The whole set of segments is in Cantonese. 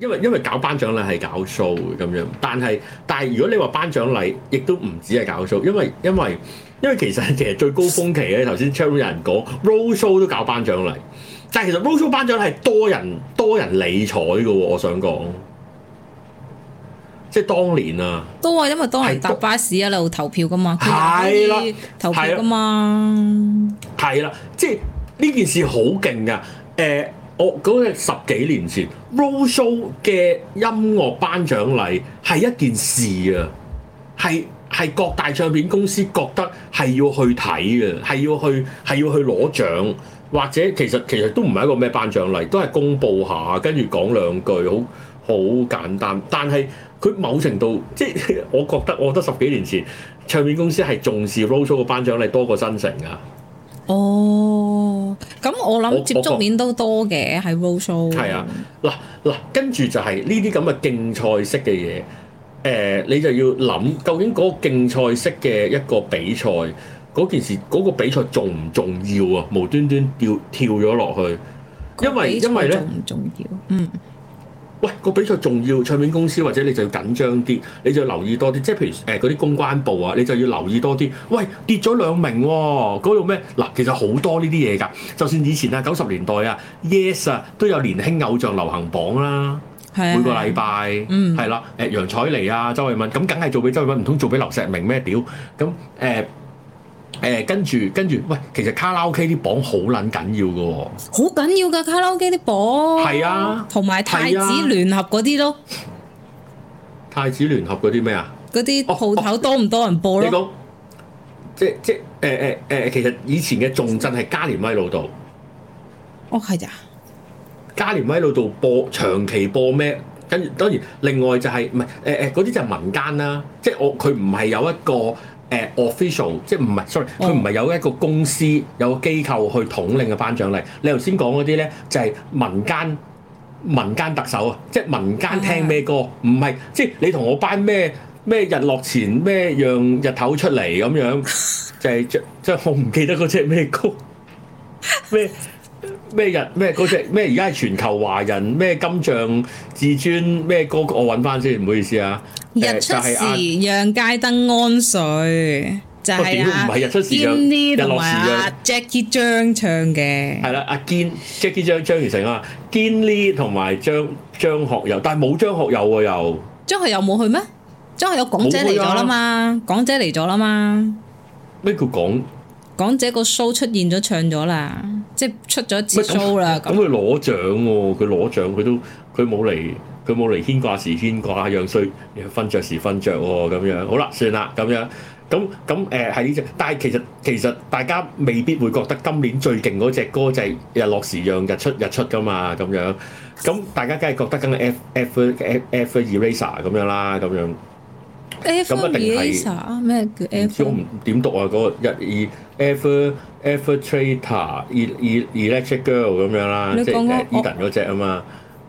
因為因為搞頒獎禮係搞 s h 數嘅咁樣，但係但係如果你話頒獎禮，亦都唔止係搞數，因為因為因為其實其實最高峰期咧，頭先 Charlie 有人講 r o l l Show 都搞頒獎禮，但係其實 r o l l Show 頒獎係多人多人理睬嘅喎，我想講，即係當年啊，都啊，因為多人搭巴士是一路投票嘅嘛，係啦的，投票嘅嘛，係啦，即係呢件事好勁嘅，誒、欸。我嗰個十幾年前 Roadshow 嘅音樂頒獎禮係一件事啊，係係各大唱片公司覺得係要去睇嘅，係要去係要去攞獎，或者其實其實都唔係一個咩頒獎禮，都係公布下，跟住講兩句，好好簡單。但係佢某程度即係我，我覺得，我覺得十幾年前唱片公司係重視 Roadshow 嘅頒獎禮多過新城啊。哦。Oh 咁、哦、我諗接觸面都多嘅，喺 roadshow 係啊，嗱嗱，跟住就係呢啲咁嘅競賽式嘅嘢，誒、呃，你就要諗究竟嗰個競賽式嘅一個比賽，嗰件事嗰、嗰個比賽重唔重要啊？無端端跳跳咗落去因，因為因為咧，重唔重要？嗯。喂，個比賽重要，唱片公司或者你就要緊張啲，你就要留意多啲。即係譬如誒嗰啲公關部啊，你就要留意多啲。喂，跌咗兩名喎、哦，嗰個咩？嗱，其實好多呢啲嘢㗎。就算以前啊，九十年代啊，Yes 啊都有年輕偶像流行榜啦、啊，的每個禮拜，係啦，誒、呃、楊采妮啊、周慧敏，咁梗係做俾周慧敏，唔通做俾劉錫明咩屌？咁誒。呃誒、欸、跟住跟住，喂，其實卡拉 OK 啲榜好撚緊要㗎喎，好緊要㗎卡拉 OK 啲榜，係啊，同埋太子聯合嗰啲咯、啊，太子聯合嗰啲咩啊？嗰啲鋪頭多唔多人播咯？哦哦、你講即即誒誒誒，其實以前嘅重鎮係加連威老道。哦係啊，加連威老道播長期播咩？跟住當然另外就係唔係誒誒嗰啲就係民間啦、啊，即我佢唔係有一個。誒、uh, official 即係唔係，sorry，佢唔係有一個公司有個機構去統領嘅頒獎禮。你頭先講嗰啲咧就係、是、民間民間特首啊，即係民間聽咩歌，唔係即係你同我班咩咩日落前咩樣日頭出嚟咁樣，就係即即係我唔記得嗰隻咩歌咩。 咩日？咩嗰隻咩？而家係全球華人咩金像至尊咩歌曲？我揾翻先，唔好意思啊。日出時，呃就係啊、讓街燈安睡就係、唔係、啊。堅尼同埋 Jackie 張唱嘅。係啦，阿堅 Jackie 張張餘成啊，堅尼同埋張張學友，但係冇張學友喎又。張學友冇、啊、去咩？張學友港姐嚟咗啦嘛，啊、港姐嚟咗啦嘛。咩叫港？講者個 show 出現咗唱咗啦，即係出咗節 show 啦。咁佢攞獎喎，佢攞獎佢都佢冇嚟，佢冇嚟牽掛時牽掛，讓睡，讓瞓著時瞓著喎，咁樣。好啦，算啦，咁樣。咁咁誒係呢隻，但係其實其實大家未必會覺得今年最勁嗰隻歌就係日落時讓日出日出㗎嘛，咁樣。咁大家梗係覺得梗係 F F F F Eraser 咁樣啦，咁樣。F Eraser 咩叫 F？唔知我唔點讀啊嗰個一二。Effort Effort Traitor Er e Electric Girl 咁樣啦，即係 Eden 嗰隻啊嘛，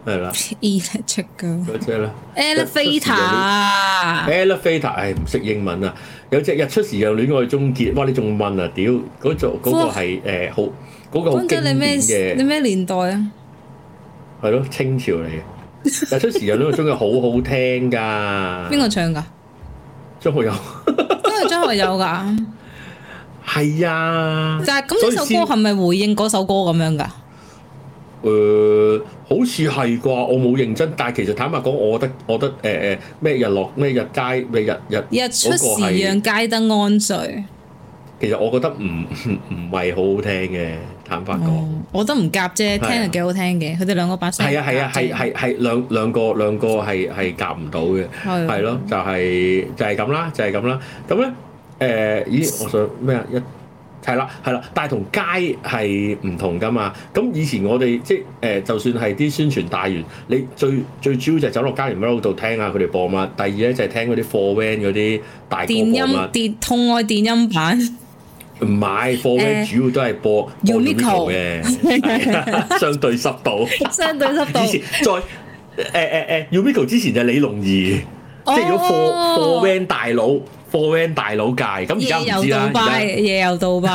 係啦。Electric Girl 嗰隻啦。Elephant Elephant 唉，唔識英文啊！有隻日出時又戀愛終結，哇！你仲問啊？屌，嗰座嗰個係誒好嗰個好經典嘅。你咩年代啊？係咯，清朝嚟嘅。日出時又戀愛終結，好好聽㗎。邊個唱㗎？張學友，都係張學友㗎。係啊，就係咁。呢首歌係咪回應嗰首歌咁樣噶？誒，好似係啩，我冇認真。但係其實坦白講，我覺得，我覺得誒誒咩日落咩日街咩日日日出時讓街燈安睡。其實我覺得唔唔係好好聽嘅，坦白講，哦。我都唔夾啫，聽係幾好聽嘅。佢哋、啊、兩個把聲係啊係啊係係係兩兩個兩個係係夾唔到嘅係咯，就係就係咁啦，就係咁啦。咁、就、咧、是。就是誒，咦？我想咩啊？一係啦，係、欸、啦，但係同街係唔同噶嘛。咁以前我哋即係誒、呃，就算係啲宣傳大員，你最最主要就係走落街唔喺度度聽下，佢哋播嘛。第二咧就係、是、聽嗰啲貨 Van 嗰啲大歌電音，電痛愛電音版。買貨 Van 主要都係播。要 Miko 嘅， 相對濕度， 相對濕度。以前 再誒誒誒，要 Miko 之前就係李龍基，即係如果貨 Van 大佬。Four 彎大佬界咁而家唔知啦，夜游到拜，夜游到拜，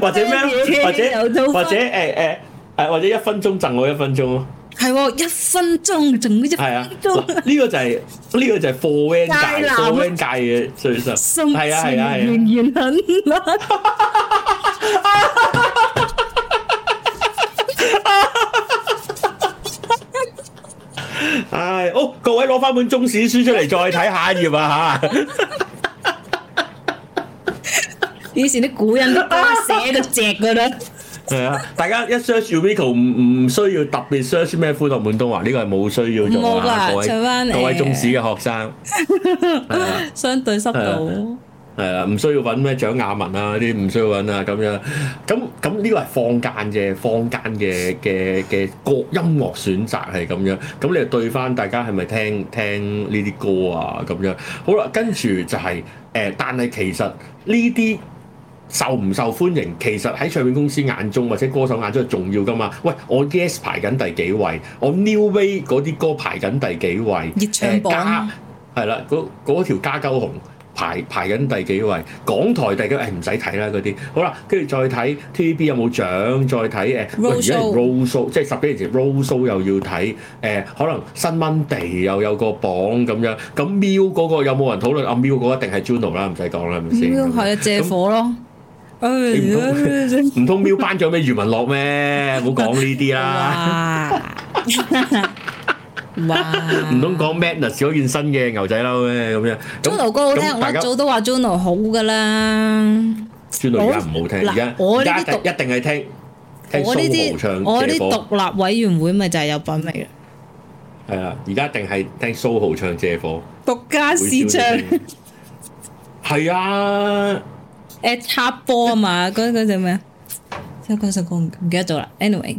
或者咩？或者或者誒誒誒，或者一分鐘贈我一分鐘咯，係喎，一分鐘贈嗰隻，係啊，呢個就係呢個就係 Four 彎界 Four 彎界嘅最實，係啊係啊係啊。各位攞翻本中史書出嚟再睇下一頁啊！吓，以前啲古人都瓜寫到直噶啦。係啊，大家一 search Uvico 唔唔需要特別 search 咩？歡樂滿東華呢個係冇需要做、啊、啦。各位，中史嘅學生，相對濕度。係啦，唔需要揾咩蔣雅文啊，呢啲唔需要揾啊，咁樣咁咁呢個係坊間嘅，坊間嘅嘅嘅歌音樂選擇係咁樣，咁你又對翻大家係咪聽聽呢啲歌啊？咁樣好啦，跟住就係、是、誒，但係其實呢啲受唔受歡迎，其實喺唱片公司眼中或者歌手眼中係重要噶嘛？喂，我 Yes 排緊第幾位？我 New Way 嗰啲歌排緊第幾位？熱唱榜係啦，嗰嗰條加鳩紅。排排緊第幾位？港台第幾位？唔使睇啦嗰啲，好啦，跟住再睇 TVB 有冇獎，再睇誒，即係 Roadshow，即係十幾年前 Roadshow 又要睇誒，可能新 Monday 又有個榜咁樣，咁 Miu 嗰個有冇人討論啊？Miu 嗰個一定係 Juno 啦，唔使講啦，係咪先。咁係啊，借火咯。唔通 Miu 班長俾余文樂咩？唔好講呢啲啦。哇！唔通講咩？嗱，試咗件新嘅牛仔褸咧，咁樣。JoJo 歌好聽，我一早都話 JoJo 好㗎啦。JoJo 而家唔好聽，而家我而家一定係聽。我呢啲我呢獨立委員會咪就係有品味嘅。係啊，而家一定係聽蘇浩唱借貨。獨家試唱。係啊。誒插播啊嘛，嗰嗰隻咩啊？即係首歌唔記得咗啦。Anyway。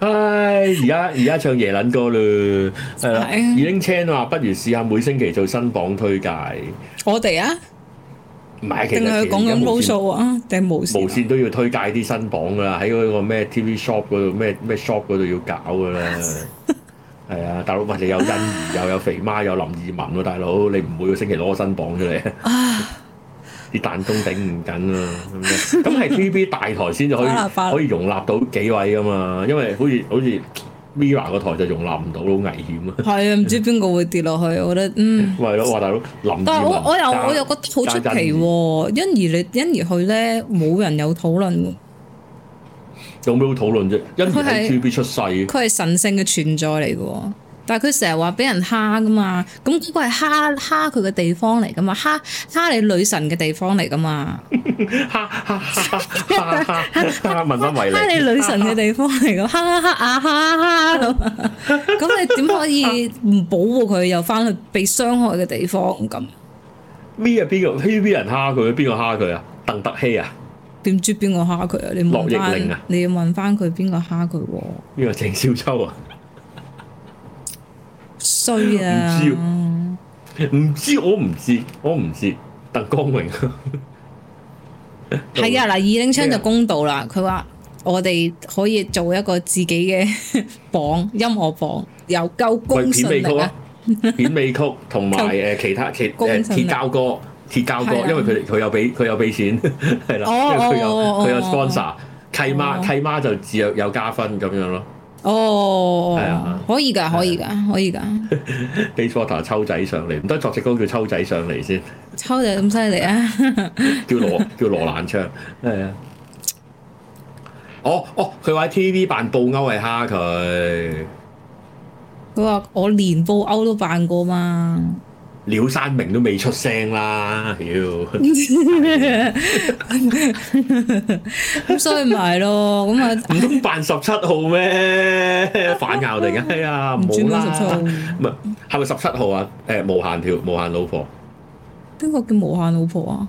唉，而家而家唱夜撚歌嘞，係啦 的，已經請話不如試下每星期做新榜推介。我哋啊，唔係，定係講緊鋪數啊？定無無線都要推介啲新榜噶啦，喺嗰個咩 TV Shop 嗰度，咩咩 Shop 嗰度要搞噶啦。係啊， 大佬，你有欣兒又有，有肥媽，有林二汶喎，大佬，你唔每個星期攞個新榜出嚟？ 啲彈弓頂唔緊 啊！咁係 TVB 大台先就可以可以容納到幾位啊嘛，因為好似好似 Viu 個台就容納唔到，好危險啊！係啊，唔知邊個會跌落去？我覺得嗯。係咯，華大佬臨。但係我我又我又覺得好出奇喎，欣宜意你欣宜佢咧冇人有討論。有咩好討論啫？欣宜係 TVB 出世，佢係神聖嘅存在嚟嘅。但係佢成日話俾人蝦噶嘛，咁嗰個係蝦蝦佢嘅地方嚟噶嘛，蝦蝦你女神嘅地方嚟噶嘛，蝦蝦蝦蝦蝦，問翻維你蝦你女神嘅地方嚟噶，蝦蝦啊蝦蝦咁，咁你點可以唔保護佢又翻去被傷害嘅地方咁？呢啊？邊個？呢啲人蝦佢？邊個蝦佢啊？鄧特希啊？點知邊個蝦佢啊？你問翻，你要問翻佢邊個蝦佢？呢個鄭少秋啊？衰啊！唔知，我唔知，我唔知。鄧光榮，係啊，嗱，二領槍就公道啦。佢話我哋可以做一個自己嘅榜，音樂榜有夠公信力啊！片尾曲同埋誒其他其誒鐵教歌、鐵教歌，因為佢佢有俾佢有俾錢係 啦，因佢有佢有 sponsor，契媽契媽就自有加分咁樣咯。.哦，係啊，可以噶，可以噶，可以噶。Beast Butler 抽仔上嚟，唔得作隻歌叫抽仔上嚟先。抽仔咁犀利啊！叫羅叫羅蘭昌，係啊。哦哦，佢話喺 TV 扮布歐係蝦佢。佢話我連布歐都扮過嘛。嗯廖山明都未出聲啦，屌！咁所以咪係咯，咁啊唔通扮十七號咩？反咬我哋嘅，哎呀，冇啦！唔係係咪十七號啊？誒，無限條，無限老婆？邊個叫無限老婆啊？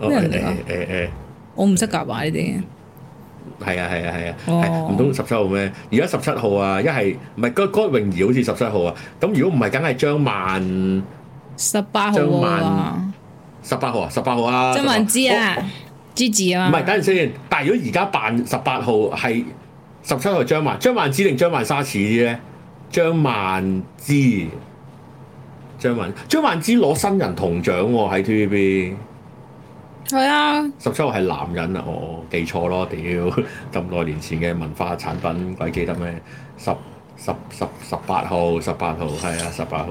有人嚟啊！我唔識夾埋呢啲。係啊係啊係啊！唔通十七號咩？而家十七號啊，一係唔係嗰嗰泳兒好似十七號啊？咁如果唔係，梗係張曼。十八號啊，十八號啊，張萬芝啊，Gigi 啊，唔係等陣先。但係如果而家辦十八號係十七號，張萬張萬芝定張萬莎似啲咧？張萬芝，張萬張萬芝攞新人銅獎喎喺 TVB。係啊，十七、啊、號係男人啊，我、哦、記錯咯，屌咁多年前嘅文化產品鬼記得咩？十十十十八號，十八號係啊，十八號。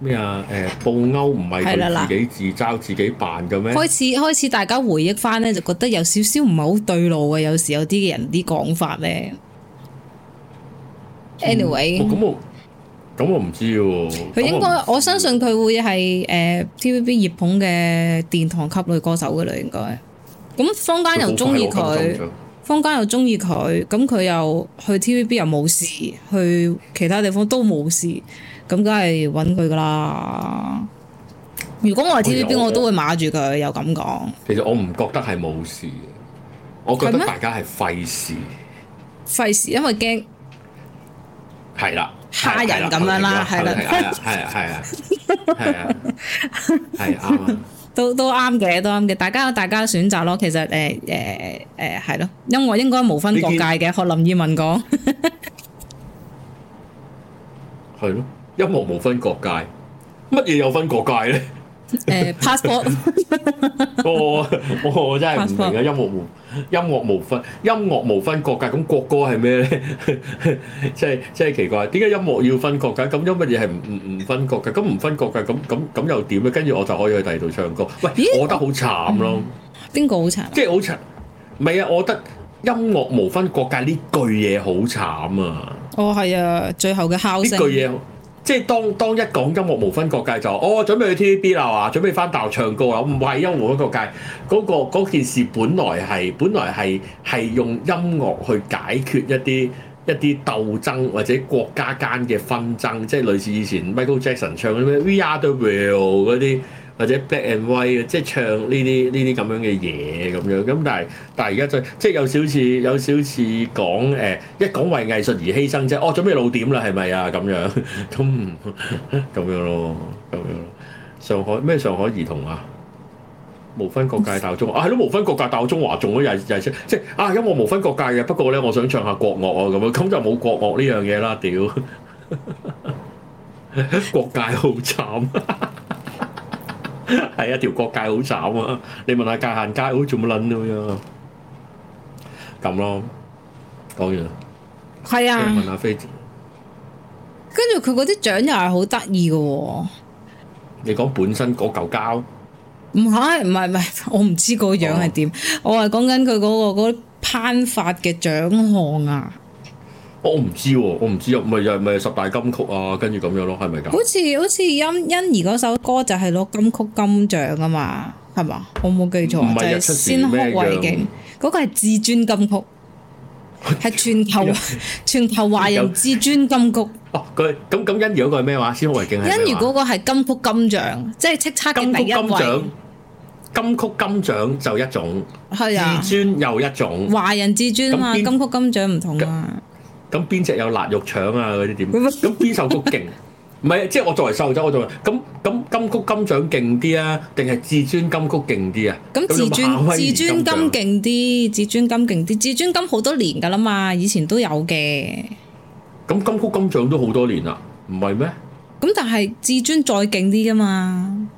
咩啊？誒報鈎唔係自己自嘲的自己辦嘅咩？開始開始，大家回憶返咧，就覺得有少少唔係好對路嘅。有時有啲人啲講法咧。嗯、anyway，咁、哦、我咁我唔知喎。佢應該我，我相信佢會係誒 TVB 熱捧嘅殿堂級女歌手嘅嘞。應該咁，坊間又鍾意佢，坊間又鍾意佢。咁佢又去 TVB 又冇事，去其他地方都冇事。咁梗係揾佢噶啦！如果我係 TVB，我都會馬住佢。又咁講，其實我唔覺得係冇事，我覺得大家係費事，費事，因為驚係啦嚇人咁樣啦，係啦，係啊，係啊，係啊，係啊，係啱啊，都都啱嘅，都啱嘅，大家有大家選擇咯。其實誒誒誒係咯，因為應該無分國界嘅，學林依民講係咯。音樂無分國界，乜嘢有分國界咧？誒，passport。我我我真係唔明啊！音樂無音樂無分音樂無分國界，咁國歌係咩咧？即係即係奇怪，點解音樂要分國界？咁有乜嘢係唔唔唔分國界？咁唔分國界咁咁咁又點咧？跟住我就可以去第二度唱歌。喂，我覺得好慘咯。邊個好慘？即係好慘，未啊？我覺得音樂無分國界呢句嘢好慘啊！哦，係啊，最後嘅號聲。即係當當一講音樂無分國界就，我、哦、準備去 TVB 啦，話準備翻大陸唱歌啊，唔係音樂無分國界嗰、那個、件事本，本來係本來係係用音樂去解決一啲一啲鬥爭或者國家間嘅紛爭，即係類似以前 Michael Jackson 唱嗰啲 We Are the World 嗰啲。或者 Black and White 即係唱呢啲呢啲咁樣嘅嘢咁樣，咁但係但係而家就即、是、係有少少有少少講誒、呃，一講為藝術而犧牲啫。哦，準備露點啦，係咪啊？咁樣咁咁樣咯，咁樣，樣。上海咩？上海兒童啊？無分國界大中華啊，係咯，無分國界大中華仲咯，藝藝青即係啊，音樂無分國界嘅。不過咧，我想唱下國樂啊，咁樣咁就冇國樂呢樣嘢啦。屌， 國界好慘。 係一條國界好斬啊！你問下界限街好做乜撚咁樣咁咯？講完係啊。問下飛，跟住佢嗰啲獎又係好得意㗎。你講本身嗰嚿膠唔係唔係唔係？我唔知個樣係點。我係講緊佢嗰個嗰啲頒發嘅獎項啊。我唔知喎，我唔知啊，咪又咪十大金曲啊，跟住咁樣咯，係咪咁？好似好似欣欣宜嗰首歌就係攞金曲金獎啊嘛，係嘛？我冇記錯唔係，就係《仙鶴遺鏡》，嗰個係至尊金曲，係全球 全球華人至尊金曲。 哦，佢咁咁欣宜嗰個係咩話？先學《仙鶴遺鏡》欣宜嗰個係金曲金獎，即係叱咤金曲金獎。金曲金獎就一種，係啊，至尊又一種。華人至尊啊嘛，那邊 金曲金獎唔同啊。咁邊只有臘肉腸啊嗰啲點？咁邊 首曲勁？唔係，即係我作為細路仔，我作為咁咁金曲金獎勁啲啊？定係至尊金曲勁啲啊？咁至尊至尊金勁啲，至尊金勁啲，至尊金好多年㗎喇嘛，以前都有嘅。咁金曲金獎都好多年啦，唔係咩？咁但係至尊再勁啲㗎嘛？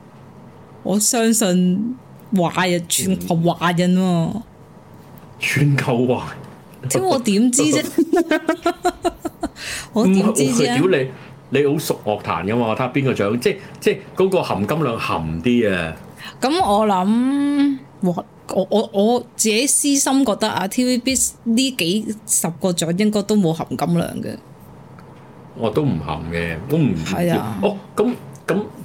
我相信華人全球華人喎、哦嗯，全球華。咁我點知啫？我點知啫？屌 你、嗯，你好熟樂壇噶嘛？睇下邊個獎，即係即係嗰、那個含金量含啲啊！咁、嗯、我諗我我我自己私心覺得啊，TVB 呢幾十個獎應該都冇含金量嘅。我都唔含嘅，都唔係啊。哦，咁、嗯、咁。嗯嗯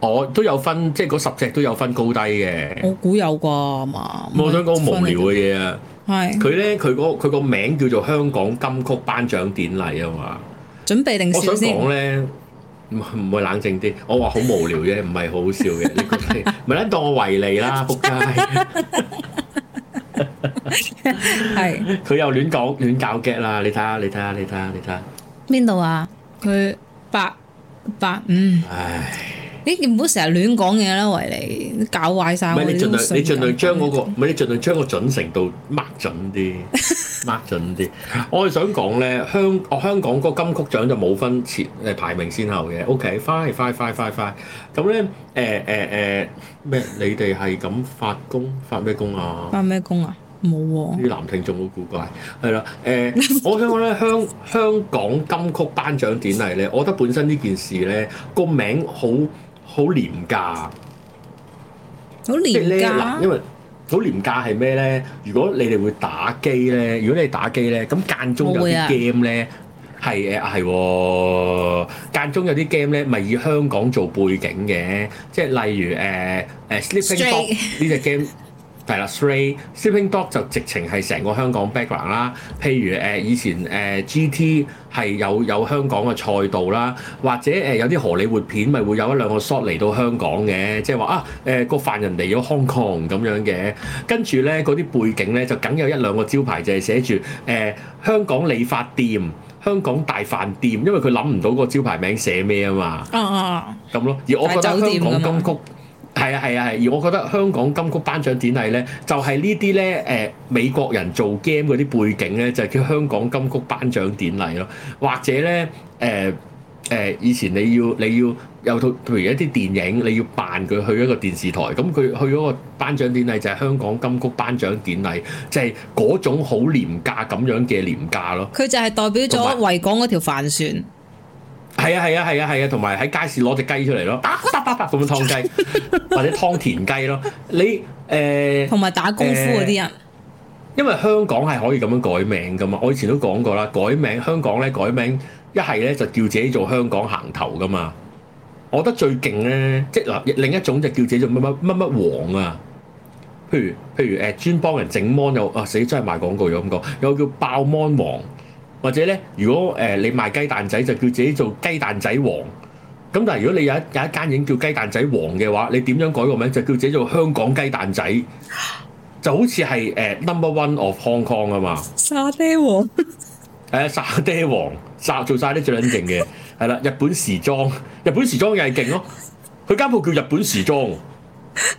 我都有分，即係嗰十隻都有分高低嘅。我估有啩嘛？我想講無聊嘅嘢啊。係佢咧，佢個佢個名叫做香港金曲頒獎典禮啊嘛。準備定笑先。我想講咧，唔唔會冷靜啲。我話好無聊啫，唔係好好笑嘅。你咪諗當我違你啦，仆街。係。佢又亂講亂搞 get 啦！你睇下，你睇下，你睇下，你睇下。邊度啊？佢八八五。唉。你唔好成日亂講嘢啦，維尼，搞壞曬我哋啲信任。唔係你盡量，你盡量將嗰個，唔係你盡量將個準程度掹準啲，掹準啲。我係想講咧，香哦香港嗰個金曲獎就冇分前誒排名先後嘅。OK，five five five five five。咁咧誒誒誒咩？你哋係咁發功？發咩功啊？發咩功啊？冇喎。啲男聽眾好古怪，係啦。誒，我想講咧，香香港金曲頒獎典禮咧，我覺得本身呢件事咧個名好。好廉價，好廉價。因為好廉價係咩咧？如果你哋會打機咧，如果你打機咧，咁間中有啲 game 咧，係誒係喎，間中有啲 game 咧，咪、就是、以香港做背景嘅，即係例如誒誒、呃呃、Sleeping box 呢隻 game。 係啦，three Sipping Dog 就直情係成個香港 background 啦。譬如誒、呃、以前誒、呃、GT 係有有香港嘅賽道啦，或者誒、呃、有啲荷里活片咪、就是、會有一兩個 shot 嚟到香港嘅，即係話啊誒、呃、個犯人嚟咗 Hong Kong 咁樣嘅，跟住咧嗰啲背景咧就梗有一兩個招牌就係寫住誒、呃、香港理髮店、香港大飯店，因為佢諗唔到個招牌名寫咩啊嘛。咁、啊、咯，酒店而我覺得香港金曲、啊。係啊係啊係！而我覺得香港金曲頒獎典禮咧，就係呢啲咧，誒美國人做 game 嗰啲背景咧，就係叫香港金曲頒獎典禮咯。或者咧誒誒，以前你要你要有套譬如一啲電影，你要扮佢去一個電視台，咁佢去嗰個頒獎典禮就係香港金曲頒獎典禮，就係嗰種好廉價咁樣嘅廉價咯。佢就係代表咗維港嗰條帆船。係啊係啊係啊係啊，同埋喺街市攞隻雞出嚟咯，打打打打同佢劏雞，或者劏田雞咯。你誒同埋打功夫嗰啲人，因為香港係可以咁樣改名噶嘛。我以前都講過啦，改名香港咧改名一係咧就叫自己做香港行頭噶嘛。我覺得最勁咧，即係嗱另一種就叫自己做乜乜乜乜王啊。譬如譬如誒專幫人整芒又啊死真係賣廣告又咁講，又叫爆芒王。或者咧，如果誒你，呃、你賣雞蛋仔，就叫自己做雞蛋仔王。咁但係如果你有一有一間已經叫雞蛋仔王嘅話，你點樣改個名？就叫自己做香港雞蛋仔，就好似係誒 number one of Hong Kong 嘛啊嘛。沙爹王，誒沙，沙爹王，做晒啲最撚勁嘅，係啦，日本時裝，日本時裝又係勁咯。佢間鋪叫日本時裝，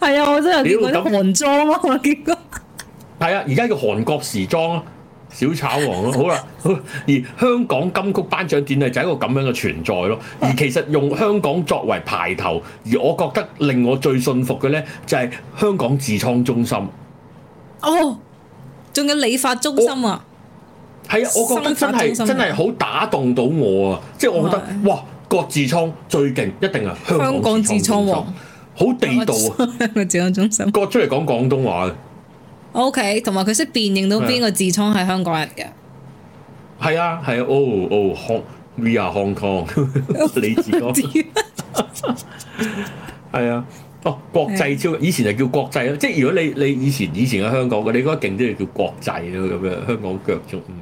係啊， 我真係屌韓裝啊嘛。結果係啊，而家叫韓國時裝咯。 小炒王咯、啊，好啦，而香港金曲頒獎典禮就係一個咁樣嘅存在咯。而其實用香港作為排頭，而我覺得令我最信服嘅咧，就係、是、香港痔瘡中心。哦，仲有理髮中心啊？係、啊，我覺得真係、啊、真係好打動到我啊！即係我覺得、嗯、哇，國痔瘡最勁一定係，香港痔瘡王，好地道啊！我痔瘡中心，國出嚟講廣東話嘅。 OK，同埋佢識辨認到邊個痔瘡係香港人嘅，係啊，係啊哦 h Oh Hong，We、oh, are Hong Kong，你知唔知？係啊，哦、oh, 國際超，啊、以前就叫國際咯，即係如果你你以前以前係香港嘅，你應該勁啲就叫國際咯，咁樣香港腳中、嗯，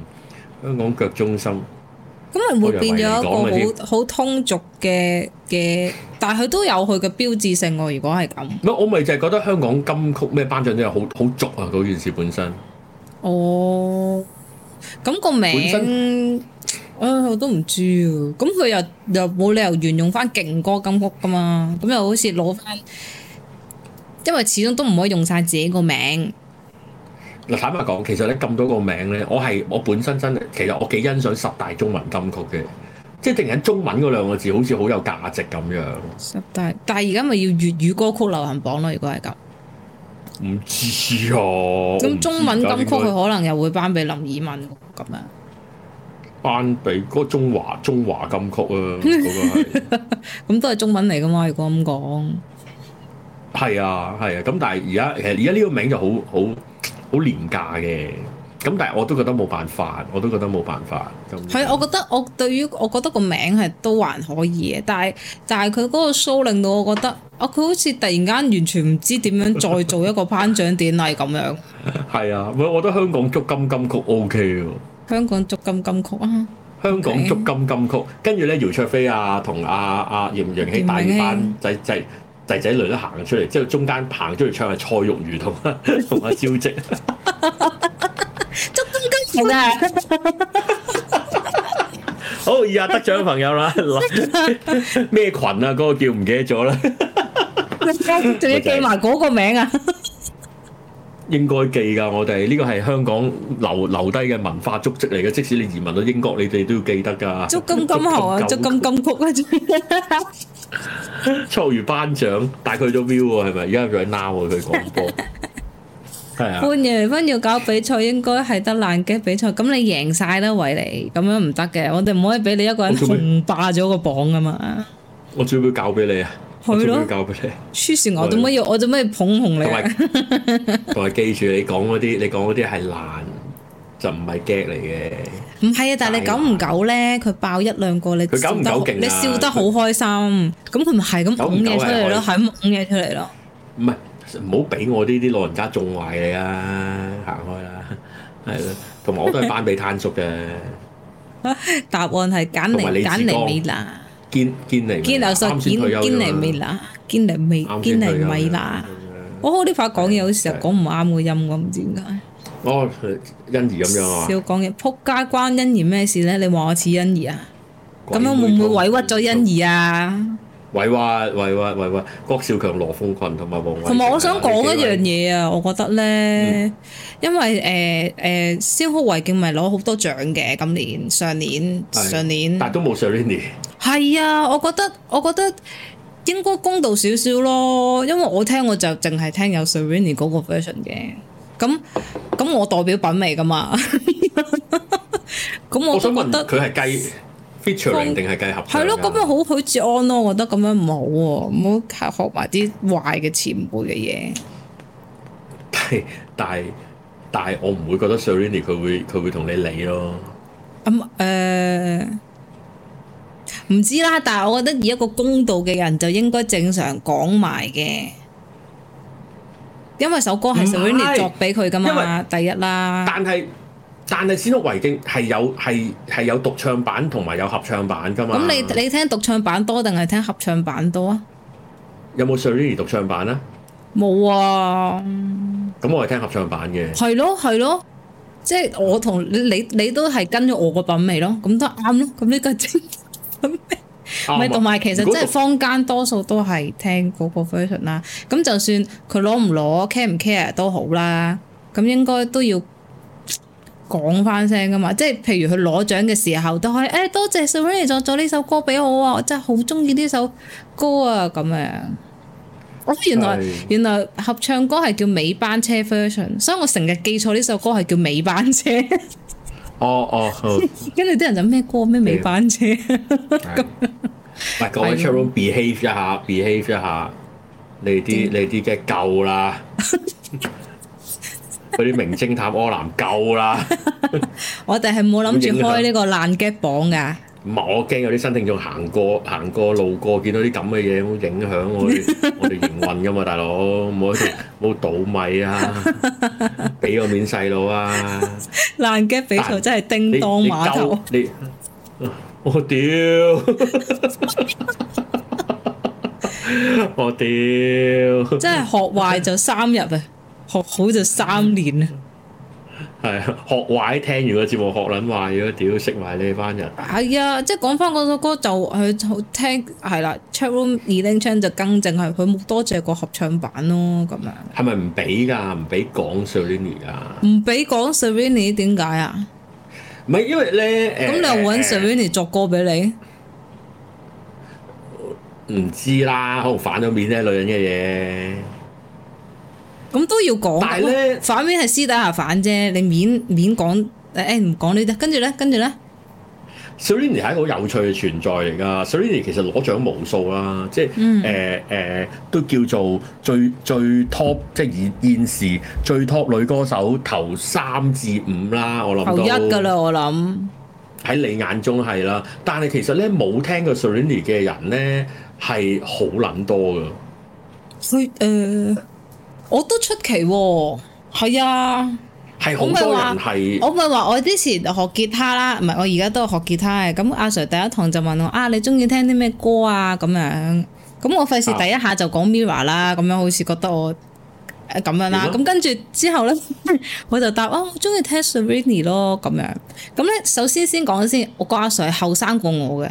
香港腳中心。咁咪會變咗一個好好通俗嘅嘅，但係佢都有佢嘅標誌性喎。如果係咁，唔係我咪就係覺得香港金曲咩頒獎都有好好俗啊！嗰件事本身，哦，咁個名本身，我都唔知喎。咁佢又又冇理由沿用翻勁歌金曲㗎嘛？咁又好似攞翻，因為始終都唔可以用曬自己個名。坦白講，其實咧咁多個名咧，我係我本身真係，其實我幾欣賞十大中文金曲嘅，即係定係中文嗰兩個字好似好有價值咁樣。十大，但係而家咪要粵語歌曲流行榜咯？如果係咁，唔知啊。咁中文金曲佢可能又會頒俾林二汶，咁樣。頒俾嗰個中華中華金曲啊，嗰個係。咁 都係中文嚟噶嘛？如果咁講。係啊，係啊，咁但係而家其實而家呢個名就好好。好廉價嘅，咁但係我都覺得冇辦法，我都覺得冇辦法。係，我覺得我對於我覺得個名係都還可以嘅，但係但係佢嗰個 show 令到我覺得，啊佢好似突然間完全唔知點樣再做一個頒獎典禮咁 樣。係啊， 我覺得香港足金金曲 O K 喎。香港足金金曲啊！香港足金金曲，跟住咧，姚卓飛啊，同阿阿嚴正氣大班仔仔。仔仔女都行咗出嚟，之後中間行出嚟唱下蔡玉如同啊同啊招積，捉中間啊！好，而家得獎朋友啦，咩 群 啊？嗰、嗰個叫唔記得咗啦，仲要記埋嗰個名啊！ 應該記㗎，我哋呢個係香港留留低嘅文化足跡嚟嘅。即使你移民到英國，你哋都要記得㗎。足金金喉啊，足金金曲啊，錯如頒獎帶佢去咗 view 喎，係咪？而家又想鬧佢廣播，係啊。半夜嚟分要搞比賽，應該係得爛嘅比賽。咁你贏曬啦，維尼，咁樣唔得嘅。我哋唔可以俾你一個人仲霸咗個榜啊嘛。我最屘教俾你啊！去咯！出事我做乜要？我做咩捧紅你？同埋記住你講嗰啲，你講嗰啲係爛，就唔係驚嚟嘅。唔係啊，但係你久唔久咧，佢爆一兩個你，佢夠唔夠勁啊！你笑得好開心，咁佢咪係咁捧嘢出嚟咯，係咁捧嘢出嚟咯。唔係，唔好俾我呢啲老人家中壞你啊！行開啦，係咯，同埋我都係翻俾攤叔嘅。答案係簡妮，簡妮美娜。堅堅嚟，啱退休。堅嚟未啦？堅嚟未？堅嚟未啦？我好啲，怕講嘢，有時候講唔啱個音，我唔知點解。哦，欣宜咁樣啊！少講嘢，撲街關欣宜咩事咧？你話我似欣宜啊？咁樣會唔會委屈咗欣宜啊？委屈，委屈，委屈！郭少強、羅風群同埋王。同埋我想講一樣嘢啊！我覺得咧，因為誒誒《蕭何衛敬》咪攞好多獎嘅，今年、上年、上年，但係都冇 Serrini。係啊，我覺得我覺得應該公道少少咯，因為我聽我就淨係聽有 Serrini 嗰個 version 嘅，咁咁我代表品味㗎嘛。咁 我，我想覺得佢係計 featuring 定係計合？係咯、嗯，咁樣好好似安咯，我覺得咁樣唔好喎，唔好學埋啲壞嘅前輩嘅嘢。但係但係但係我唔會覺得 Serrini 佢會佢會同你理咯。咁誒？唔知啦，但係我覺得以一個公道嘅人就應該正常講埋嘅，因為首歌係 Serrini 作俾佢噶嘛，第一啦。但係但係《小鹿維京》係有係係有獨唱版同埋有合唱版噶嘛？咁你你聽獨唱版多定係聽合唱版多啊？有冇 Serrini 獨唱版啊？冇啊！咁我係聽合唱版嘅。係咯，係咯，即係我同你你都係跟咗我個品味咯，咁都啱咯。咁呢個真。唔係，同埋其實即係坊間多數都係聽嗰個 version 啦。咁就算佢攞唔攞 care 唔 care 都好啦，咁應該都要講翻聲噶嘛。即係譬如佢攞獎嘅時候都係，誒、欸、多謝 Super Junior 做呢首歌俾我啊，我真係好中意呢首歌啊咁樣。哦，原來是原來合唱歌係叫《尾班車》version，所以我成日記錯呢首歌係叫《尾班車》。哦哦，跟住啲人就咩歌咩尾班車，咁，喂 各位， 坐 room behave 一下，behave 一下，你啲、嗯、你啲嘅夠啦，嗰啲名偵探柯南夠啦，我哋係冇諗住開呢個爛 gag 榜噶。唔係，我驚有啲新聽眾行過行過路過，見到啲咁嘅嘢，好影響我哋我哋營運㗎嘛，大佬唔好唔好倒米啊。俾個面細路啊！爛嘅俾到真係叮當馬頭，我屌！我屌！真係學壞就三日啊，學好就三年啊！係啊，學壞，聽完個節目學捻壞，如果屌識埋你班人。係啊、哎，即係講翻嗰首歌就佢好聽係啦，Chapel l e n g c h 唱就更正係佢冇多謝個合唱版咯，咁樣。係咪唔俾噶？唔俾講 Serrini 噶？唔俾講 Serrini？點解啊？唔係因為你，咁你又搵 Serrini、呃、作歌俾你？唔、呃呃、知啦，可能反咗面咧，女人嘅嘢。咁都要講，但係呢咧反面係私底下反啫，你面面講誒唔講呢啲，跟住咧，跟住咧 Serrini 係一個好有趣嘅存在嚟噶。Serrini 其實攞獎無數啦，即係誒誒，都叫做最最 top、嗯、即係現現時最 top 女歌手頭三至五啦。我諗頭一噶啦，我諗喺你眼中係啦，但係其實咧冇聽過 Serrini 嘅人咧係好撚多噶。佢誒。呃我都出奇喎、哦，係啊，係好多人係，我咪係話我之前學吉他啦，唔係我而家都係學吉他嘅。咁阿 sir 第一堂就問我啊，你中意聽啲咩歌啊？咁樣，咁我費事第一下就講 Mirror 啦、啊，咁樣好似覺得我誒咁樣啦。咁跟住之後咧， 我就答啊，我中意聽 Serrini 咯，咁樣。咁咧，首先先講先，我覺阿 sir 後生過我嘅。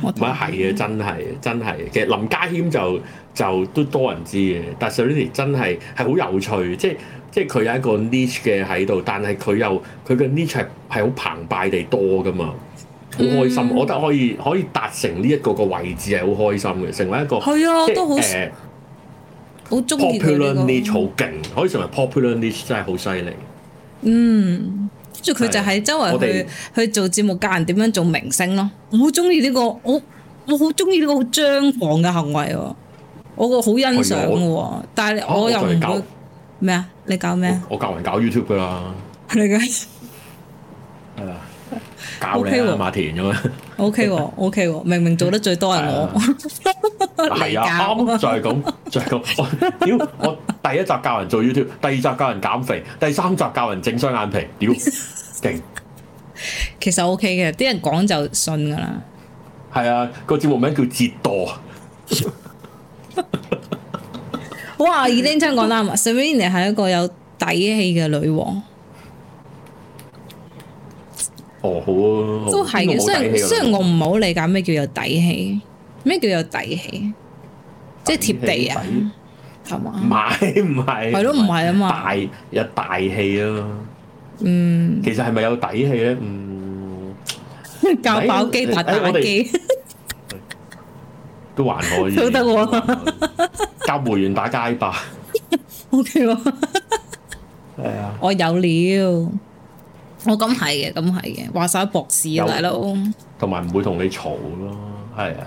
咪係嘅，真係，真係。其實林家謙就就都多人知嘅，但、嗯、Serrini 真係係好有趣，即即佢有一個 niche 嘅喺度，但係佢又佢嘅 niche 係好澎湃地多㗎嘛，好開心。嗯、我覺得可以可以達成呢一個個位置係好開心嘅，成為一個係啊，了是都好好中意 Popular niche 好勁，可以成為 popular niche 真係好犀利。嗯。跟住佢就係周圍去去做節目，教人點樣做明星咯。我好中意呢個，我我好中意呢個好張狂嘅行為喎，我個好欣賞嘅，但係我又唔搞咩啊？你搞咩啊？我教人搞 YouTube 噶啦，你嘅係啦，教你馬田咁啊？OK，OK，明明做得最多係我。係啊，啱就係咁，就係咁。我屌，我第一集教人做 YouTube，第二集教人減肥，第三集教人整雙眼皮，屌勁！其實 OK 嘅，啲人講就信噶啦。係啊， 個節目名叫《折墮》。好啊，Eileen 真講啱啊，Selina 係一個有底氣嘅女王。哦，好啊！好都係嘅，雖然雖然我唔好理解咩叫有底氣。咩叫有底氣？即係貼地啊，係嘛？買唔係，係咯，唔係啊嘛。大有大氣咯。嗯。其實係咪有底氣咧？嗯。教爆機打打機，都還可以。都得喎，教會員打街霸。O K。係啊。我有料，我咁係嘅，咁係嘅，話晒博士嚟咯。同埋唔會同你嘈咯，係啊。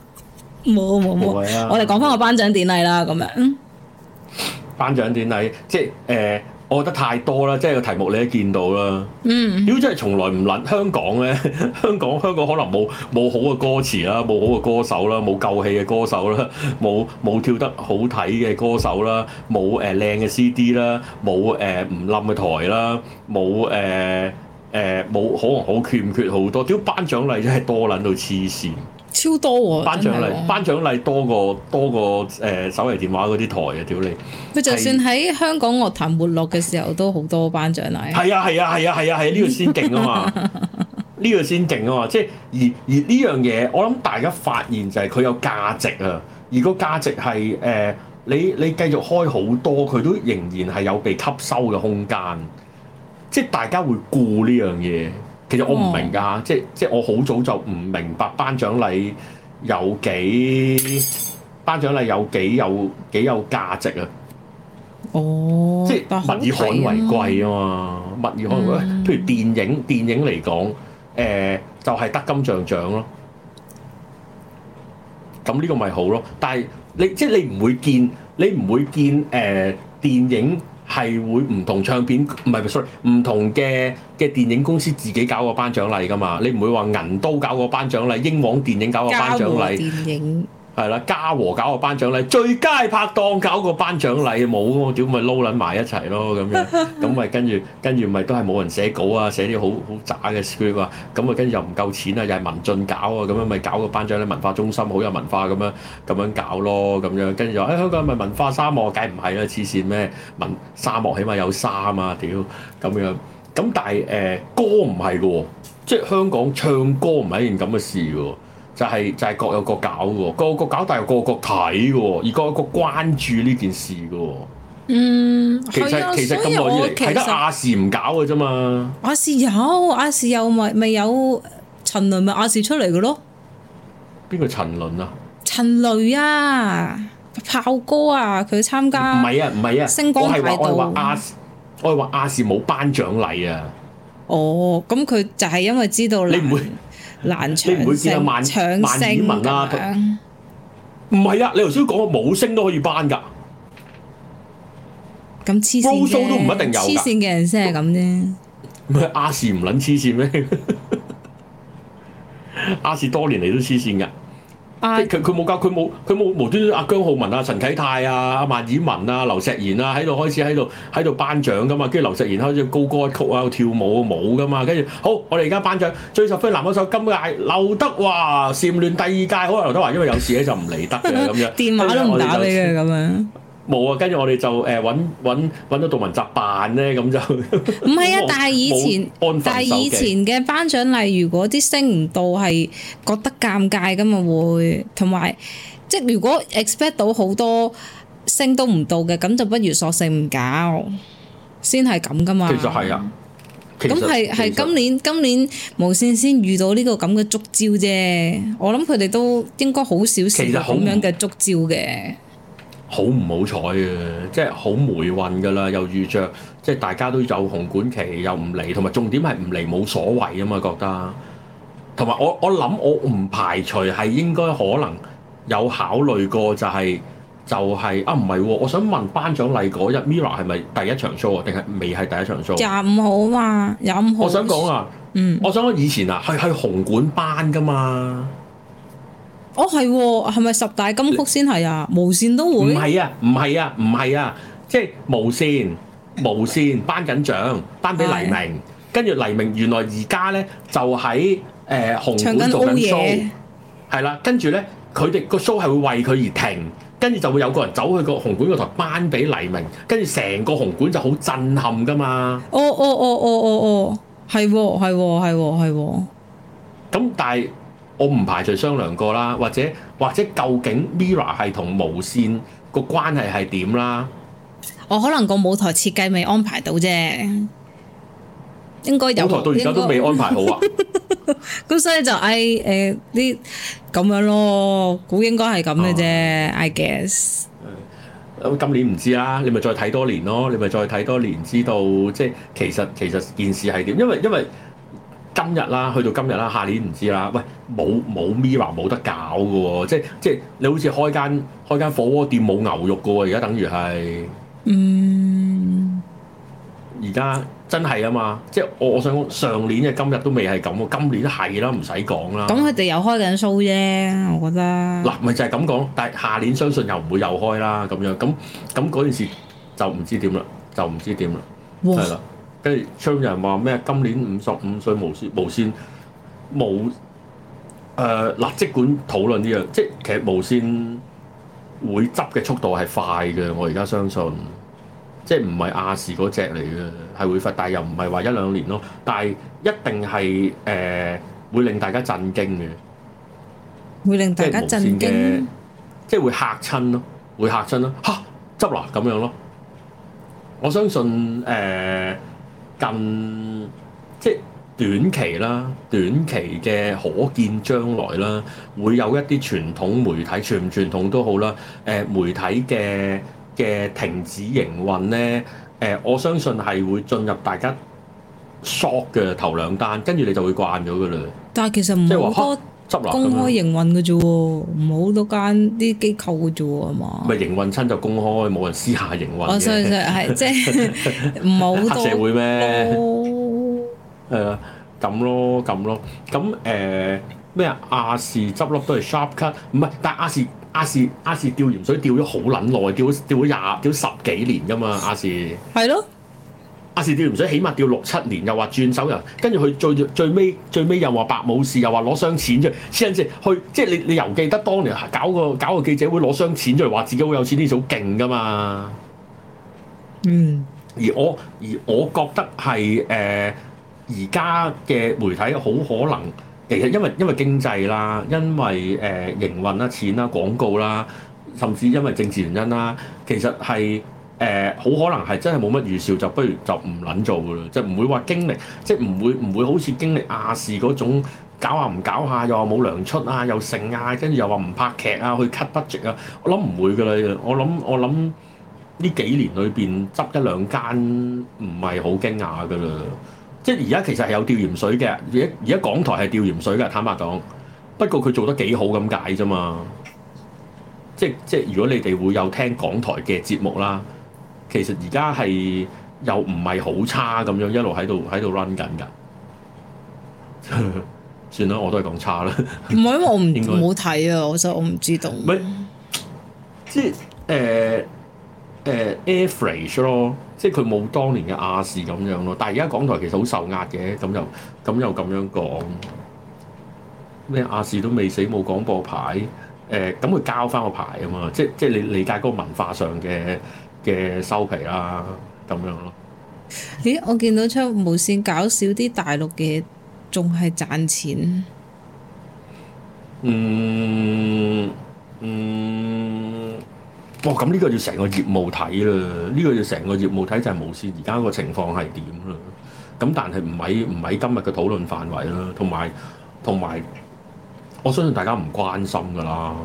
冇冇冇，沒沒，我哋講翻個頒獎典禮啦，咁樣典禮。頒獎典禮即係誒、呃，我覺得太多啦，即係個題目你都見到啦。嗯，如果真係從來唔捻香港咧，香港香港，香港可能冇冇好嘅歌詞啦，冇好嘅歌手啦，冇夠氣嘅歌手啦，冇冇跳得好睇嘅歌手啦，冇誒靚嘅 CD 啦，冇誒唔冧嘅台啦，冇誒誒冇可能好欠缺好多，屌頒獎禮真係多捻到黐線。超多喎、啊！頒獎禮，頒獎、哦、多過多過誒、呃、手提電話嗰啲台啊！屌你！佢就算喺香港樂壇沒落嘅時候都好多頒獎禮。係啊係啊係啊係啊係！呢個先勁啊嘛！呢個先勁啊嘛！即、就、係、是、而而呢樣嘢，我諗大家發現就係佢有價值啊！而個價值係誒、呃，你你繼續開好多，佢都仍然係有被吸收嘅空間，即、就、係、是、大家會顧呢樣嘢。其實我唔明㗎嚇，即係即係我好早就唔明白頒獎禮有幾頒獎禮有幾有幾有價值啊！哦，即係物以罕為貴啊嘛，物以罕為貴。譬如電影，電影嚟講，誒就係得金像獎咯。咁呢個咪好咯，但係你即係你唔會見，你唔會見誒電影。係會唔同唱片，唔係，sorry，唔同嘅嘅電影公司自己搞個頒獎禮㗎嘛？你唔會話銀都搞個頒獎禮，英皇電影搞個頒獎禮。係啦，嘉禾搞個頒獎禮，最佳拍檔搞個頒獎禮冇啊嘛？屌咪撈撚埋一齊咯咁樣，咁咪跟住跟住咪都係冇人寫稿啊，寫啲好好渣嘅 script 啊，咁啊跟住又唔夠錢啊，又係民進搞啊，咁樣咪搞個頒獎禮文化中心好有文化咁樣咁樣搞咯，咁樣跟住話誒香港咪文化沙漠，梗唔係啦，黐線咩文沙漠起碼有沙啊，屌咁樣，咁但係誒、呃、歌唔係嘅喎，即係香港唱歌唔係一件咁嘅事喎。就係、是、就係、是、各有各搞嘅，個個搞但係又個個睇嘅，而各有各關注呢件事嘅。嗯、mm，hmm. 其實其實咁耐其他得亞視唔搞嘅啫嘛。亞視有亞視有咪咪，咪有陳雷咪亞視出嚟嘅咯。邊個陳、陳雷啊？陳雷啊，炮哥啊，佢參加唔係啊唔係啊，我係我係話亞，我係話亞視冇頒獎禮啊。哦、oh, 嗯，咁佢就係因為知道你唔會。你唔會見到難唱聲，唱聲唔係啊！你頭先講個冇聲都可以頒噶，咁黐線嘅人先係咁啫。唔係亞視唔撚黐線咩？亞、 啊、視多年嚟都黐線噶。啊、即佢冇教佢冇佢冇無端端阿姜浩文啊陳啟泰啊阿萬綺雯啊劉錫賢啊喺度開始喺度喺度頒獎噶嘛，跟住劉錫賢開始高歌曲啊跳舞舞噶嘛，跟住好，我哋而家頒獎，最受歡迎男歌手，今屆劉德華《綿亂》第二屆，可能劉德華因為有事咧就唔嚟得嘅咁樣， 電話都唔打俾嘅咁樣。 冇啊！跟住我哋就誒揾揾揾咗杜汶澤扮咧，咁就唔係啊！但係以前，但係以前嘅頒獎禮，如果啲星唔到，係覺得尷尬噶嘛會，同埋即係如果 expect 到好多星都唔到嘅，咁就不如索性唔搞，先係咁噶嘛。其實係啊，咁係係今年今年無線先遇到呢個咁嘅觸礁啫。我諗佢哋都應該好少食咁樣嘅觸礁嘅。好唔好彩啊！即係好霉運噶啦，又遇着，即係大家都有紅館期，又唔嚟，同埋重點係唔嚟冇所謂啊嘛，覺得。同埋我我諗我唔排除係應該可能有考慮過、就係，就係就係啊唔係喎，我想問頒獎禮嗰日 Mirror 係咪第一場 show 定係未係第一場 show？又唔好嘛、啊？又唔好、啊。我想講啊，嗯，我想講以前啊，係去紅館班噶嘛。哦，係喎，係咪十大金曲先係啊？Guys, 無線都會？唔係啊，唔係啊，唔係啊，即係無線，無線頒緊獎，頒俾黎明。跟住黎明原來而家咧就喺誒紅館做緊 show，係啦。跟住咧佢哋個 show 係會為佢而停，跟住就會有個人走去個紅館個台頒俾黎明，跟住成個紅館就好震撼㗎嘛。哦哦哦哦哦哦，係喎，係喎，係喎，係喎。咁但係。我唔排除商量過啦，或者或者究竟 Mirror 係同無線個關係係點啦？我可能個舞台設計未安排到啫，應該有舞台到而家應該 都未安排好啊。咁 所以就誒誒呢咁樣咯，估應該係咁嘅啫，I guess。今年唔知啦，啊，你咪再睇多年咯，你咪再睇多年，知道即係其實其實件事係點？因為因為。今日啦，去到今日啦，下年唔知啦。喂，冇冇 Mirror 冇得搞嘅喎、喔，即係即係你好似開間開間火鍋店冇牛肉嘅喎、喔，而家等於係。嗯。而家真係啊嘛，即係我我想講上年嘅今日都未係咁喎，今年係啦，唔使講啦。咁佢哋又開緊 show 啫，我覺得。嗱，咪就係咁講，但係下年相信又唔會又開啦咁樣，咁咁嗰件事就唔知點哇啦，就唔知點啦，係啦。跟住昌人話咩？今年五十五歲無線無線，冇誒嗱，即、呃、管討論呢樣，即係其實無線會執嘅速度係快嘅。我而家相信，即係唔係亞視嗰隻嚟嘅，係會發，但又唔係話一兩年咯。但係一定係誒會令大家震驚嘅，會令大家震驚，家震驚即，即係會嚇親咯，會嚇親咯吓，執啦咁樣咯。我相信誒。呃近即係短期啦，短期嘅可見將來啦，會有一啲傳統媒體，傳唔傳統都好啦。誒、呃，媒體嘅嘅停止營運咧，誒、呃，我相信係會進入大家索嘅頭兩單，跟住你就會慣咗㗎喇。但係其實唔好公開營運嘅啫喎，唔好多間啲機構嘅啫喎，係嘛、喔？咪營運親就公開，冇人私下營運我，所以就係即係唔好黑社會咩？誒咁咯咁、呃、咯咁誒咩亞視執笠都係 sharp cut，唔係但係亞視亞視亞視吊鹽水吊咗好撚耐，吊吊咗廿吊十幾年㗎嘛亞視係咯。.亞視釣唔使起碼釣六七年，又話轉手人，跟住佢最最，最尾最尾又話白武士，又話攞箱錢啫。先陣時去，即係你你又記得當年搞個搞個記者會攞箱錢出嚟，話自己好有錢呢種勁㗎嘛。嗯，而我而我覺得係誒，而家嘅媒體好可能其實因為因為經濟啦，因為誒、呃、營運啦、錢啦、廣告啦，甚至因為政治原因啦，其實係。誒，好、呃、可能係真係冇乜預兆，就不如就唔撚做噶啦，就唔會話經歷，即係唔會唔會好似經歷亞視嗰種搞下唔搞下，又話冇糧出啊，又剩啊，跟住又話唔拍劇啊，去 cut budget 啊，我諗唔會噶啦，我諗我諗呢幾年裏邊執一兩間唔係好驚訝噶啦，即係而家其實係有吊鹽水嘅，而而家港台係吊鹽水嘅，坦白講，不過佢做得幾好咁解啫嘛，即係即係如果你哋會有聽港台嘅節目啦。其實而家係又唔係好差，咁樣一路喺度喺度 run 緊㗎。 算啦，我都係講差啦。唔係因為我唔唔好睇啊，我就我唔知道。唔 該即係誒誒 AirFresh 咯，即係佢冇當年嘅亞視咁樣咯。但係而家港台其實好受壓嘅，咁又咁就咁樣講。咩亞視都未死冇廣播牌，誒咁佢交翻個牌啊嘛。即即係你理解嗰個文化上嘅。嘅收皮啦，咁樣咯。咦，我見到出無線搞少啲大陸嘅，仲係賺錢。嗯嗯，哇、嗯！咁、哦、呢個要成個業務睇啦，呢、呢個要成個業務睇就係無線而家個情況係點啦。咁但係唔喺唔喺今日嘅討論範圍啦，同埋同埋，我相信大家唔關心噶啦。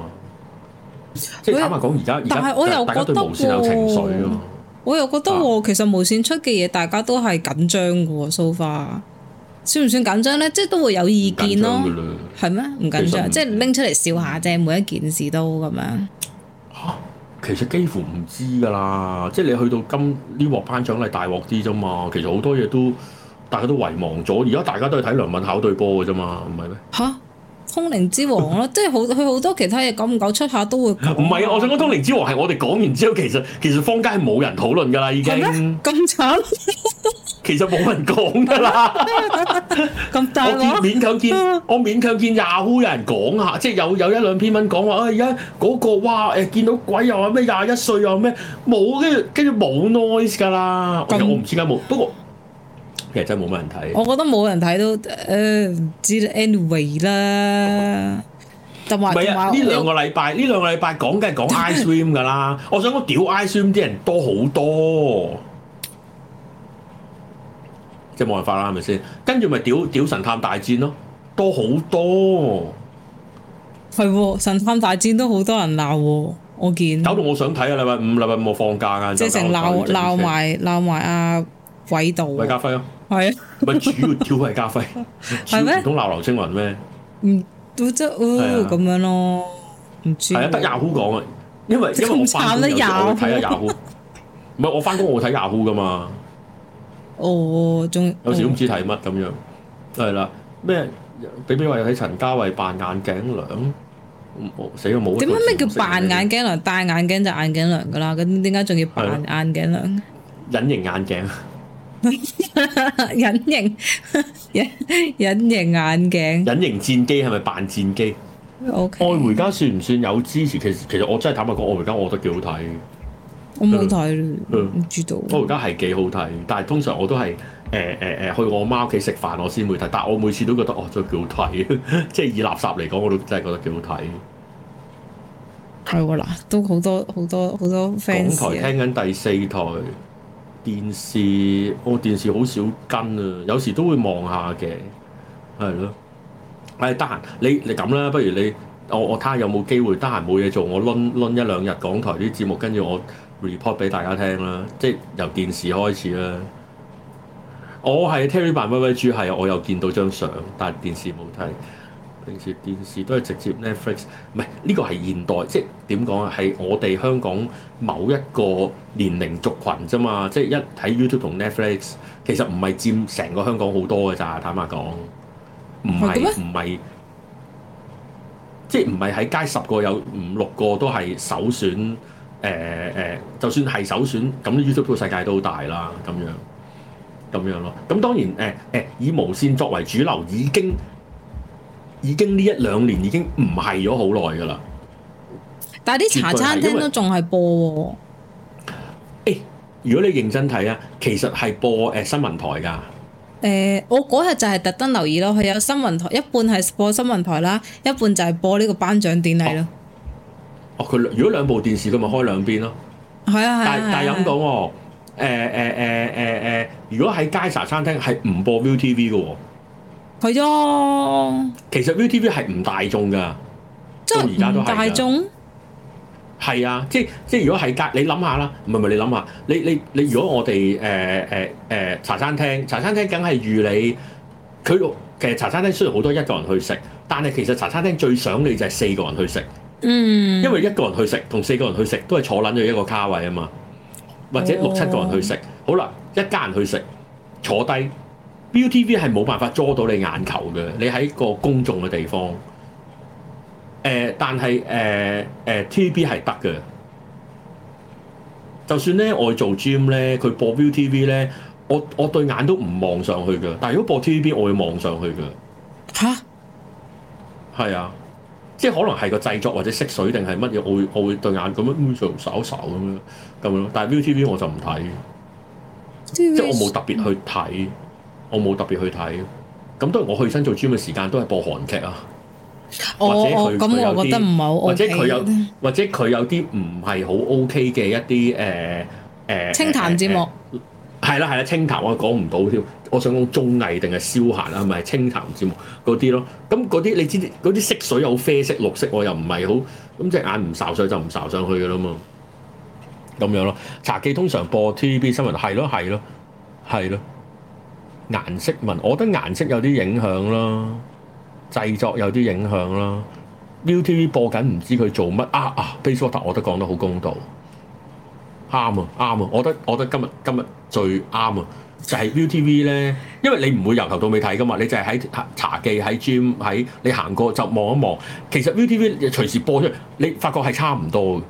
即係坦白講，而家而家大家對無線有情緒啊！我又覺得，啊、其實無線出嘅嘢，大家都係緊張噶喎。so far，算唔算緊張咧？即係都會有意見咯。係咩？唔緊張，緊張即係拎出嚟笑下啫。每一件事都咁樣。吓，其實幾乎唔知噶啦。即係你去到今呢鑊頒獎禮大鑊啲啫嘛。其實好多嘢都大家都遺忘咗。而家大家都係睇梁敏考對波嘅啫嘛，唔係咩？吓、啊！通靈之王咯，即係好佢好多其他嘢，久唔久出下都會。唔係 啊，我想講通靈之王係我哋講完之後，其實其實坊間係冇人討論噶啦，已經。咁慘？其實冇人講噶啦，咁 大我勉勉強見，我勉強見 Yahoo、ah、有人講下，即係有有一兩篇文講話啊，而家嗰個哇誒見到鬼又話咩廿一歲又咩冇，跟住跟住冇 noise 噶啦，麼我唔知點解冇不過。其實真係冇乜人睇，我覺得冇人睇都誒唔知，anyway 啦。同埋呢兩個禮拜，呢兩個禮拜講梗係講 I swim 㗎啦。我想講屌 I swim 啲人多好多，即係冇辦法啦，係咪先？跟住咪屌屌神探大戰咯，多好多。係神探大戰都好多人鬧，我見搞到我想睇啊！禮拜五、禮拜五我放假啊，即成鬧鬧埋鬧埋啊！軌道，魏家輝咯，係啊，咪主要跳係家輝，係咩？唔通鬧劉青雲咩？唔，都即係咁樣咯，唔知係啊，得 Yahoo 講啊，因為因為翻工有得我睇啊 Yahoo 唔係我翻工我睇 Yahoo 噶嘛。哦，中，有時都唔知睇乜咁樣，係啦，咩？比比話睇陳家偉扮眼鏡娘，嗯，死都冇，點解咩叫扮眼鏡娘？戴眼鏡就眼鏡娘噶啦，咁點解仲要扮眼鏡娘？隱形眼鏡。隱形隱形眼鏡，隱形戰機係咪扮戰機？O K，愛回家算唔算有支持？其實其實我真係坦白講，愛回家我覺得幾好睇。我冇睇，唔知道。愛回家係幾好睇，但係通常我都係誒誒誒去我媽屋企食飯我先會睇，但係我每次都覺得哦真係幾好睇，即係以垃圾嚟講我都真係覺得幾好睇。係喎，嗱，都好多好多好多 fans。台聽緊第四台。電視我、哦、電視好少跟啊，有時都會望下嘅，係咯。誒，得閒你你咁啦，不如你我我睇下有冇機會得閒冇嘢做，我輪輪一兩日港台啲節目，跟住我 report 俾大家聽啦，即係由電視開始啦。我係 Terry 版威威 G，係，我又見到張相，但係電視冇睇。電視電視都係直接 Netflix，唔係呢個係現代，即係點講啊？係我哋香港某一個年齡族群啫嘛，即係一睇 YouTube 同 Netflix，其實唔係佔成個香港好多嘅咋，坦白講，唔係唔係，即係唔係喺街十個有五六個都係首選，誒、呃、誒、呃，就算係首選，咁 YouTube 個世界都好大啦，咁樣，咁樣咯。咁當然誒誒、呃呃，以無線作為主流已經。已經呢一兩年已經唔係咗好耐噶啦，但係啲茶餐廳都仲係播。誒、欸，如果你認真睇啊，其實係播誒新聞台噶。誒、欸，我嗰日就係特登留意咯，佢有新聞台，一半係播新聞台啦，一半就係播呢個頒獎典禮咯。哦，佢如果兩部電視，佢咪開兩邊咯。係啊係但、啊，但係但係飲到，誒誒誒誒誒，如果喺街茶餐廳係唔播 Viu TV 噶。係咯，其實 ViuTV 係唔大眾㗎，即而家都大眾。係 啊，即即如果係隔，你諗下啦，唔係唔係，你諗下，你你你，如果我哋誒誒誒茶餐廳，茶餐廳梗係預你，佢其實茶餐廳雖然好多一個人去食，但係其實茶餐廳最想你就係四個人去食，嗯，因為一個人去食同四個人去食都係坐撚咗一個卡位啊嘛，或者六七個人去食，嗯嗯、好啦，一家人去食，坐低。Viu TV 係冇辦法捉到你眼球嘅，你喺個公眾嘅地方，誒、呃，但係誒誒，TVB 係得嘅。就算咧，我去做 gym 咧，佢播 Viu TV 咧，我我對眼都唔望上去嘅。但係如果播 TVB，我會望上去嘅。吓蛤？係啊，即係可能係個製作或者色水定係乜嘢，我會我會對眼咁樣咁樣掃一掃咁樣咁樣。但係 Viu TV 我就唔睇，TV 即係我冇特別去睇。我冇特別去睇，咁都係我去新做專嘅時間，都係播韓劇啊。咁我覺得唔好。或者佢佢有啲，或者佢有，或者佢有啲唔係好 O K 嘅一啲誒誒清談節目。係啦係啦，清談我講唔到添。我想講綜藝定係消閒啊，係咪清談節目嗰啲咯？咁嗰啲你知啲嗰啲色水好啡色、綠色，我又唔係好咁隻眼唔睄水就唔睄上去嘅啦嘛。咁樣咯，茶記通常播 T V B 新聞，係咯係咯係咯。顏色問，我覺得顏色有啲影響啦，製作有啲影響啦。ViuTV 播緊唔知佢做乜啊啊！Facebook，我都得講得好公道，啱啊啱啊！我覺得我覺得今日今日最啱啊，就係 ViuTV 咧，因為你唔會由頭到尾睇噶嘛，你就係喺茶記、喺 gym 喺、喺你行過就望一望。其實 ViuTV 隨時播出，你發覺係差唔多，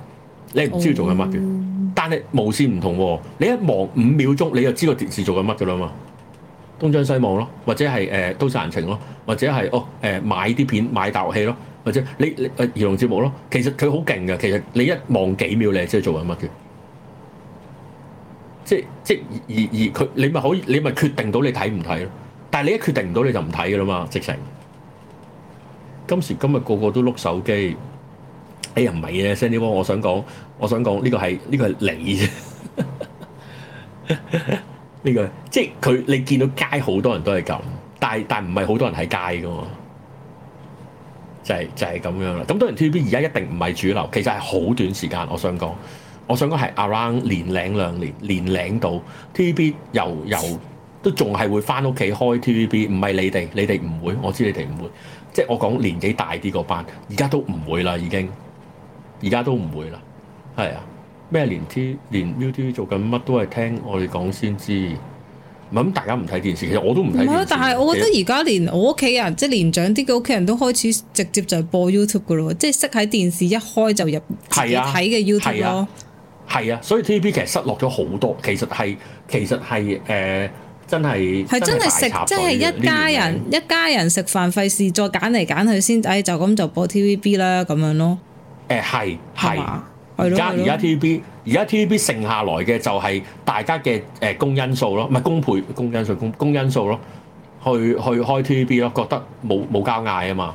你唔知佢做緊乜嘅。Oh. 但係無線唔同喎、啊，你一望五秒鐘，你就知個電視做緊乜嘅啦嘛。東張西望咯，或者係誒、呃、都市人情咯，或者係哦誒、呃、買啲片買大戲咯，或者你你誒、呃、兒童節目咯，其實佢好勁㗎。其實你一望幾秒你就知道，你係即係做緊乜嘅？即即而而佢你咪可以你咪決定到你睇唔睇咯？但係你一決定唔到你就唔睇噶啦嘛，直情。今時今日個個都碌手機。哎呀唔係啊，Sandy 哥，我想講我想講呢個係呢、呢個係你。 呢個即係佢，你見到街好多人都係咁，但係但係唔係好多人喺街㗎喎，就係就係咁樣啦。咁多人 TVB 而家一定唔係主流，其實係好短時間。我想講，我想講係 around 年零兩年，年零到 TVB 又又都仲係會返屋企開 TVB，唔係你哋，你哋唔會。我知你哋唔會，即係我講年紀大啲個班，而家都唔會啦，已經，而家都唔會啦，係啊。咩連 T 連 YouTube 做緊乜都係聽我哋講先知，唔係咁大家唔睇電視，其實我都唔睇。唔係，但係我覺得而家連我屋企人，即係年長啲嘅屋企人都開始直接就播 YouTube 噶咯，即係識喺電視一開就入自己睇嘅 YouTube 咯。係啊，啊，啊，所以 TVB 其實失落咗好多。其實係其實係誒、呃，真係係真係食，真係一家人，一，人一家人食飯，費事再揀嚟揀去先，哎就咁就播 TVB 啦咁樣咯。誒係係。而家而家 TVB，而家 TVB 剩下來嘅就係大家嘅誒、呃、公因素咯，唔係公倍公因素公公因素咯，去去開 TVB 咯，覺得冇冇交嗌啊嘛，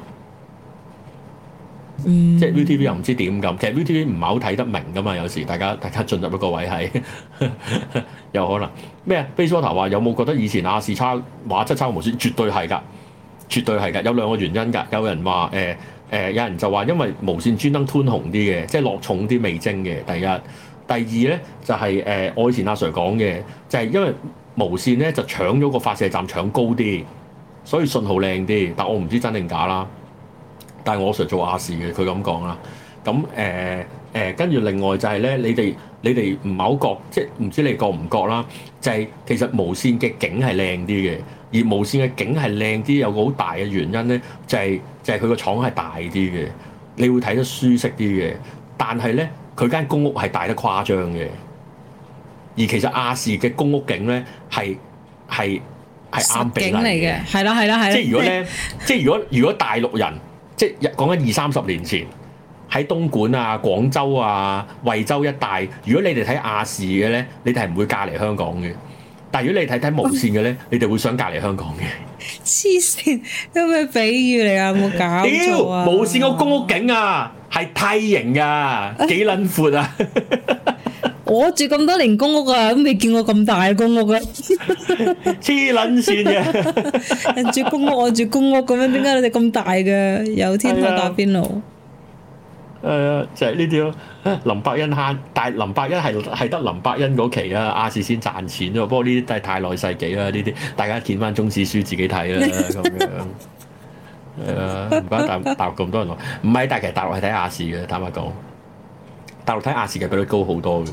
嗯、即係 VTV 又唔知點咁，其實 VTV 唔係好睇得明㗎嘛，有時大家大家進入一個位係 有可能咩啊？Facebook 頭話有冇覺得以前亞視差，畫質差，無線絕對係㗎，絕對係㗎，有兩個原因㗎，有人話誒。呃誒、呃、有人就話，因為無線專登吞紅啲嘅，即係落重啲味精嘅。第一，第二咧就係、是、誒、呃，我以前阿、啊、sir 講嘅就係、是、因為無線咧就搶咗個發射站，搶高啲，所以信號靚啲。但我唔知真定假啦。但係我 sir 做亞視嘅，佢咁講啦。咁誒誒，跟、呃、住、呃、另外就係咧，你哋你哋唔係好覺，即係唔知你覺唔覺啦。就係、是、其實無線嘅景係靚啲嘅，而無線嘅景係靚啲，有個好大嘅原因咧就係、是。就係佢個廠係大啲嘅，你會睇得舒適啲嘅。但係咧，佢間公屋係大得誇張嘅。而其實亞視嘅公屋景咧，係係係啱比例嘅。係啦係啦係啦。即係如果咧， 即係如果如果大陸人，即係講緊二三十年前喺東莞啊、廣州啊、惠州一帶，如果你哋睇亞視嘅咧，你哋係唔會嫁嚟香港嘅。但如果你睇睇無線嘅咧， 你哋會想隔離香港嘅。黐線，有咩比喻嚟啊？有冇搞錯啊？無線個公屋景啊，係梯形噶，幾撚闊啊？啊 我住咁多年公屋啊，都未見過咁大公屋啊！黐撚線嘅， 人住公屋，我住公屋，咁樣點解你哋咁大嘅？有天都打邊爐。誒、哎、就係呢啲咯，林伯恩慳，但係林伯恩係係得林伯恩嗰期啊，亞視先賺錢啫。不過呢啲都係太耐世紀啦，呢啲大家見翻《中史書》自己睇啦，咁樣係啊。唔怪得大陸咁多人話，唔係，但係其實大陸係睇亞視嘅，坦白講，大陸睇亞視嘅比率高好多嘅。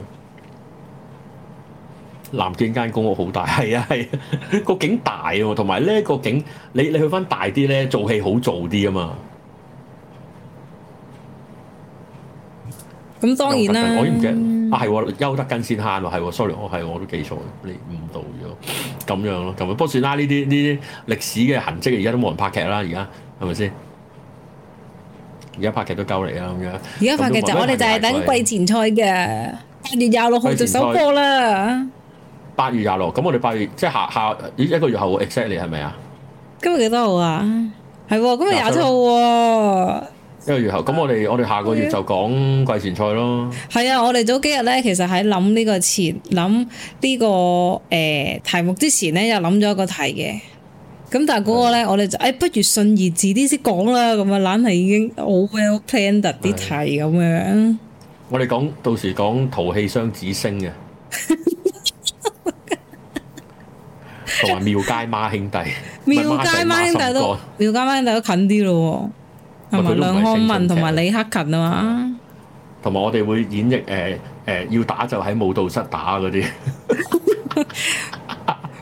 南京間公屋好大，係啊係，啊啊 個景大喎、啊，同埋呢個景，你你，你去翻大啲咧，做戲好做啲啊嘛。咁當然啦，啊，我唔驚，啊係，邱德根先慳喎，sorry，我係我都記錯，你誤導咗，咁樣咯，咁不過算啦，呢啲呢啲歷史嘅痕跡，而家都冇人拍劇啦，而家係咪先？而家拍劇都夠你啦，咁樣。而家拍劇我就我哋就係等季前賽嘅，八月廿六號就首播啦。八月廿六，咁我哋八月即係下下，一一個月後會 exactly 係咪啊？今日幾多號啊？係喎，今日廿七號喎。一個月後，咁我哋我哋下個月就講季前賽咯。係啊，我哋早幾日咧，其實喺諗呢個前諗呢、這個誒、呃、題目之前咧，又諗咗一個題嘅。咁但係嗰個咧，的我哋就誒、哎、不如順而治啲先講啦。咁啊，懶係已經好 well planned 啲題咁的樣。我哋講到時講淘氣雙子星嘅，同埋 廟街孖兄弟，廟街孖兄，是兄，兄弟都廟街孖兄弟都近啲咯。同埋梁漢文，同埋、嗯、李克勤啊嘛，同埋、嗯、我哋會演繹誒誒，要打就喺舞蹈室打嗰啲。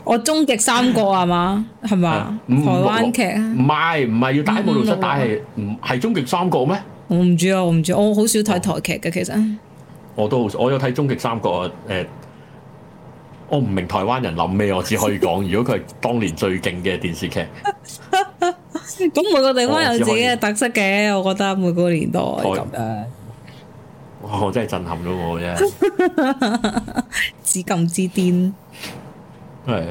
我終極、嗯、三國啊嘛？係嘛？台灣劇啊？唔係唔係要打舞蹈室打係唔係終極三國咩？我唔知啊，我唔知，我好少睇台劇嘅其實。我都好我有睇《終極三國》誒、呃，我唔明台灣人諗咩，我只可以講，如果佢係當年最勁嘅電視劇。 咁每個地方有自己嘅特色嘅，哦、我，我覺得每個年代咁啊！台樣真我真係震撼咗我嘅啫，紫禁之巔係，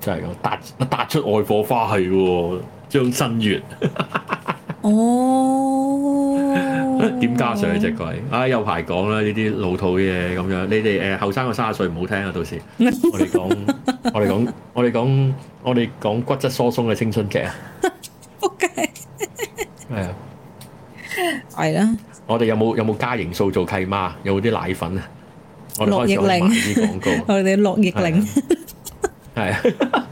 真係咁達達出愛火花係、哦，張新月哦，點、 oh. 加上呢隻鬼？啊、哎，有排講啦，呢啲老土嘢咁樣。你哋誒後生個卅歲唔好聽啊，到時我哋講， 我哋講，我哋講。我哋講骨質疏鬆嘅青春劇啊，OK，係啊，係啦、啊。我哋有冇有冇加營素做契媽？有冇啲奶粉啊？我哋開始賣啲廣告。我哋樂益鈴係啊，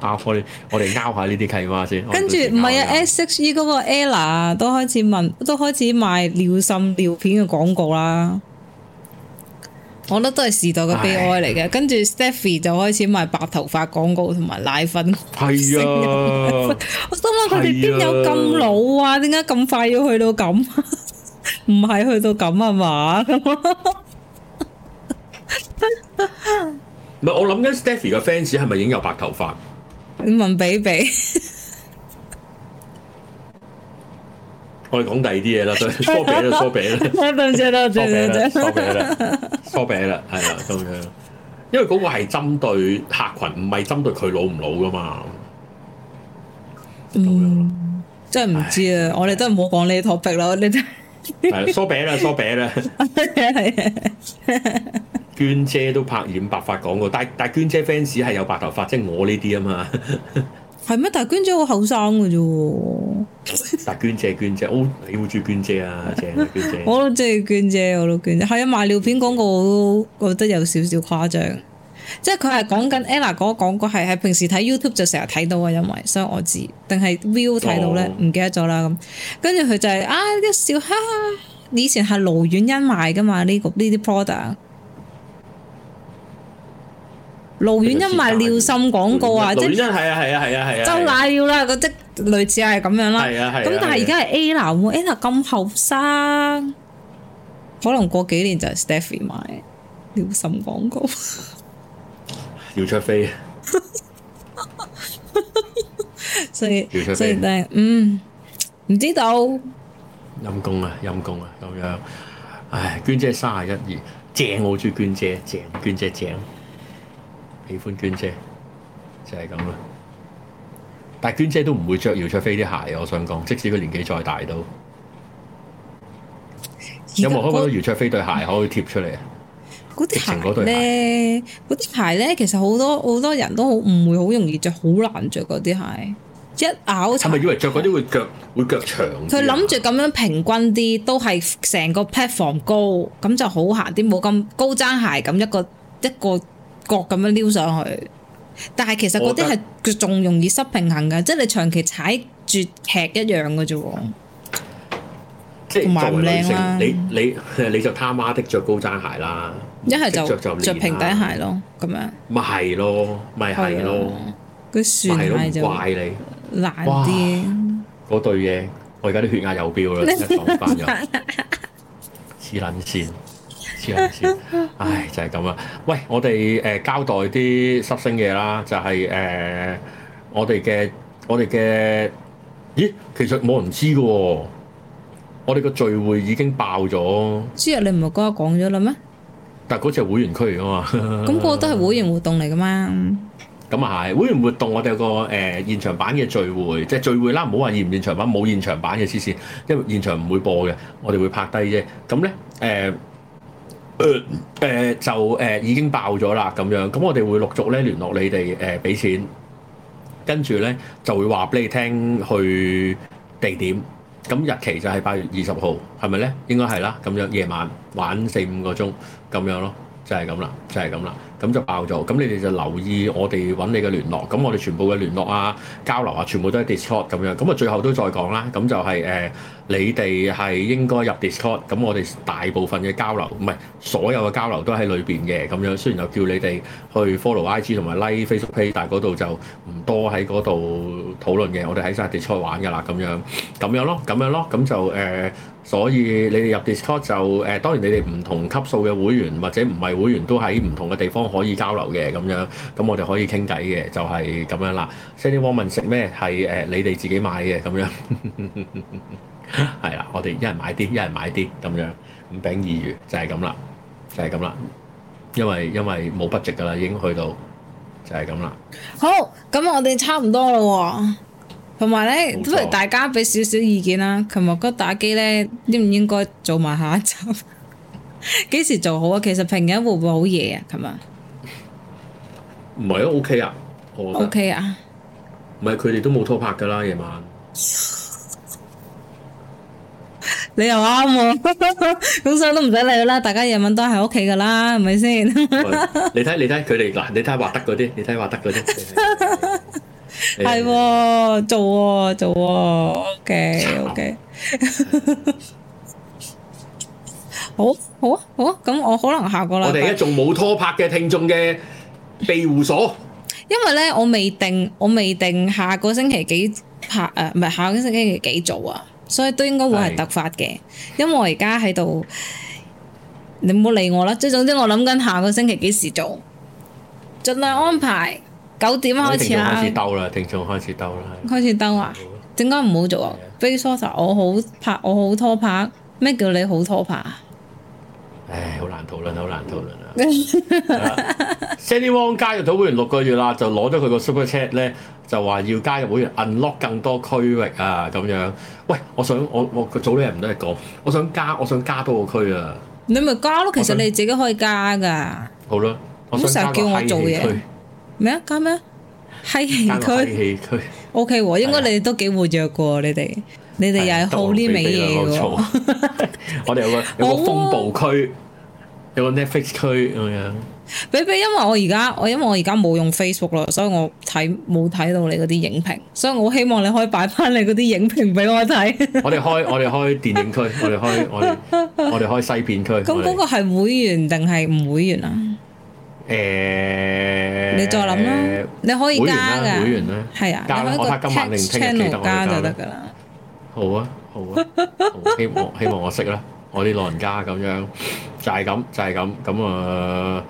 阿科，我哋我哋勾下呢啲契媽先。跟住唔係啊，SHE 嗰個 Ella 都開始問，都開始賣尿滲尿片嘅廣告啦。我覺得都係時代嘅悲哀嚟嘅，跟住唉 Stephy 就開始賣白頭髮廣告同埋奶粉。係啊， 我心諗佢哋邊有咁老啊？點解咁快要去到咁？唔 係去到咁啊嘛？唔 係我諗緊 Stephy 嘅 fans 係咪已經有白頭髮？你問比比。 我哋講第二啲嘢啦，對梳餅啦，梳餅啦，梳餅啦，梳餅啦，梳餅啦，係啦，咁樣。因為嗰個係針對客群，唔係針對佢老唔老噶嘛。咁樣、嗯， 真係唔知啊！唉我哋真係唔好講呢啲 topic 咯，你真係梳餅啦，梳餅啦。係啊。 娟姐都拍染白髮講過，但但娟姐 fans 係有白頭髮，即係我呢啲啊嘛。 係咩？但娟姐好後生嘅啫喎，但娟姐娟姐，oh, 你好中意娟姐啊，正娟姐, 我娟姐。我都正娟姐，我都娟姐。係啊，賣尿片廣告我都覺得有少少誇張，即係佢係講緊 Ella 嗰個廣告，係喺平時睇 YouTube 就成日睇到啊，因為所以我知。定係 view 睇到咧，唔、oh. 記得咗啦咁。跟住佢就係、是、啊一笑哈哈，以前係盧宛茵賣嘅嘛呢個呢啲 product。盧宛茵賣尿浸廣告啊，即係係啊係啊係啊，周乃了啦，嗰隻類似係咁樣啦。咁但係而家係 A 娜，A 娜咁後生，可能過幾年就係 Stephy 賣尿浸廣告。要出飛，所以所以嗯，唔知道陰公啊陰公啊咁樣。唉，娟姐三廿一二，正我最娟姐正，娟姐正。喜歡娟姐就係咁啦，但係娟姐都唔會著姚卓飛啲鞋。我想講，即使佢年紀再大都有冇開過姚卓飛對鞋可以貼出嚟啊？嗰對鞋咧，嗰對鞋咧，其實好多好多人都好唔會好容易著，好難著嗰啲鞋。一咬係咪以為著嗰啲會腳會腳長？佢諗住咁樣平均啲，都係成個 platform 高咁就好行啲，冇咁高踭鞋咁一個一個。角咁樣撩上去，但係其實嗰啲係佢仲容易失平衡噶，即係你長期踩住吃一樣嘅啫。即係作為女性，你你你就他媽的着高踭鞋啦，一係就着就着平底鞋咯，咁樣。咪係咯，咪係咯，個船係都唔怪你，難啲。我嗰對嘢，而家啲血壓又飆啦，真係煩人，黐捻線。唉、 哎，就係咁啊。喂，我哋誒、呃、交代啲濕聲嘢啦，就係、是、誒、呃、我哋嘅我哋嘅，咦？其實冇人知嘅喎、哦，我哋個聚會已經爆咗。之日你唔係嗰日講咗啦咩？但嗰次係會員區嚟啊嘛。咁 個都係會員活動嚟嘅嘛。咁啊係會員活動，我哋有個誒、呃、現場版嘅聚會，即係聚會啦，唔好話現唔現場版，冇現場版嘅黐線，因為現場唔會播嘅，我哋會拍低啫。咁咧誒。呃呃呃呃誒、呃、就誒、呃、已經爆咗啦，咁樣咁我哋會陸續咧聯絡你哋誒俾錢，跟住咧就會話俾你聽去地點，咁日期就係八月二十號，係咪咧？應該係啦，咁樣夜晚玩四五個鐘咁樣咯，就係咁啦，就係咁啦。咁就爆咗，咁你哋就留意我哋揾你嘅聯絡，咁我哋全部嘅聯絡啊、交流啊，全部都喺 Discord 咁樣，咁啊最後都再講啦，咁就係、是、誒、呃，你哋係應該入 Discord，咁我哋大部分嘅交流，唔係所有嘅交流都喺裏邊嘅，咁樣雖然就叫你哋去 follow IG 同埋 like Facebook page，但係嗰度就唔多喺嗰度討論嘅，我哋喺晒 Discord 玩㗎啦，咁樣，咁樣咯，咁樣咯，咁就誒。呃所以你哋入 Discord 就誒、呃，當然你哋唔同級數嘅會員或者唔係會員都喺唔同嘅地方可以交流嘅咁樣，咁我哋可以傾偈嘅，就係、是、咁樣啦。Sandy Woman 食咩？係誒你哋自己買嘅咁樣，係啦，我哋一人買啲，一人買啲咁樣，五餅二魚就係咁啦，就係咁啦，因為因為冇筆值噶啦，已經去到就係咁啦。好，咁我哋差唔多啦喎、哦。同埋咧，不如大家俾少少意見啦。琴日嗰打機咧，應唔應該做埋下一集？幾時做好啊？其實平日會唔會好夜啊？琴日唔係啊？OK 啊？我 OK 啊？唔係佢哋都冇拖拍噶啦，夜晚。你又啱喎，咁所以都唔使理啦，大家夜晚都喺屋企噶啦，係咪先？你睇你睇佢哋嗱，你睇華德嗰啲，你睇華德嗰啲。係喎，做喎，做喎，OK，OK，好好啊，好啊，咁我可能下個禮拜我哋而家仲冇拖拍嘅聽眾嘅庇護所，因為咧我未定，我未定下個星期幾拍誒，唔係下個星期幾做啊，所以都應該會係突發嘅，因為我而家喺度，你唔好理我啦，即係總之我諗緊下個星期幾時做，盡量安排。九點開始啦，開始鬥啦，聽眾開始鬥啦，係開始鬥啊！點解唔好做啊？Face 殺手，我好拍，我好拖拍，咩叫你好拖拍？唉，好難討論，好難討論啊！Sandy Wong 加入咗會員六個月啦，就攞咗佢個 super chat 咧，就話要加入會員 unlock 更多區域啊，咁樣。喂，我想我我做啲樣唔得講，我想加，我想加多個區啊！你咪加咯，其實你自己可以加㗎。好啦，咁成日叫我做嘢。咩啊？加咩啊？係戲區、戲區，O K 喎，應該你哋都幾活躍過你哋，你哋又係好呢味嘢我哋有個有個風暴區，哦、有個 Netflix 區咁樣。比比，因為我而家我因為我而家冇用 Facebook 咯，所以我睇冇睇到你嗰啲影評，所以我希望你可以擺翻你嗰啲影評俾我睇。 我哋開我哋開電影區，我哋開我哋我哋開西片區。咁嗰 個係會員定係唔會員啊？誒，你再諗啦，你可以加噶，會員啦，係啊，加一個青農加就得噶啦。好啊，好啊，希望希望我識啦，我啲老人家咁樣就係咁就係咁咁啊，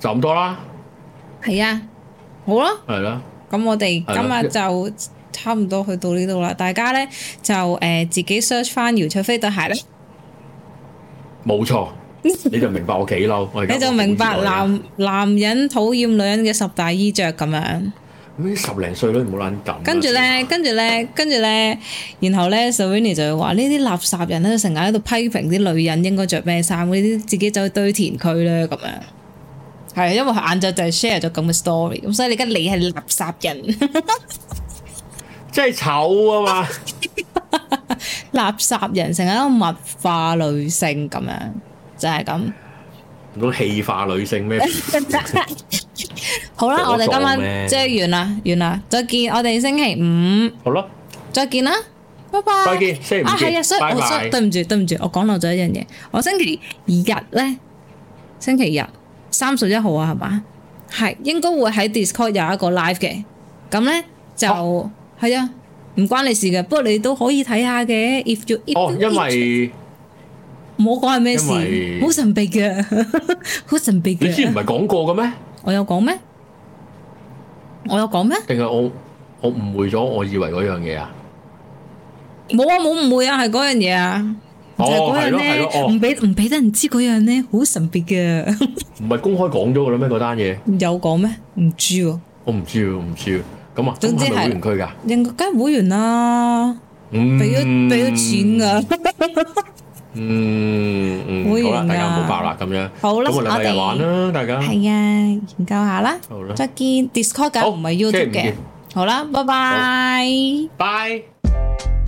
就咁多啦。係啊，好啦，係啦。咁我哋今日就差唔多去到呢度啦。大家咧就誒自己 search 翻姚卓飛對鞋啦。冇錯。你就明白我幾嬲，你就明白男男人討厭女人嘅十大衣着咁樣。咁十零歲咧，唔好卵咁。跟住咧，跟住咧，跟住咧，然後咧，Sunny 就會話呢啲垃圾人咧，成日喺度批評啲女人應該着咩衫，呢啲自己走去堆填區啦咁樣。係，因為佢晏晝就係 share 咗咁嘅 story，咁所以你而家你係垃圾人，即係醜啊嘛，垃圾人成日都物化女性咁樣。就係咁，唔通氣化女性咩？ 好啦， 我哋今晚即係完啦，完啦，再見，我哋星期五好咯吧，再見啦，拜拜，再見 bye，啊係啊，所以我 bye、哦、所以對唔住對唔住，我講漏咗一樣嘢，我星期二日咧，星期日三十一號啊，係嘛？係應該會喺 Discord 有一個 live 嘅，咁咧就係啊，唔、啊、關你事嘅，不過你都可以睇下嘅，If you 哦，oh，因為。冇講係咩事，好神秘嘅，好神秘嘅。你之前唔係講過嘅咩？我有講咩？我有講咩？定係我我誤會咗？我以為嗰樣嘢啊？冇啊，冇誤會啊，係嗰樣嘢啊，就係嗰樣咧，唔俾唔俾得人知嗰樣咧，好神秘嘅。唔係公開講咗噶啦咩？嗰單嘢有講咩？唔知喎，我唔知，唔知咁啊，總之係會員區噶，應該加會員啦，俾咗俾咗錢噶。嗯嗯，嗯好啦，大家冇白啦，咁樣好啦吧，我哋玩啦，們大家係啊，研究下啦，好啦吧，再見，Discord，好唔係 YouTube 嘅，見見好啦，拜拜，拜。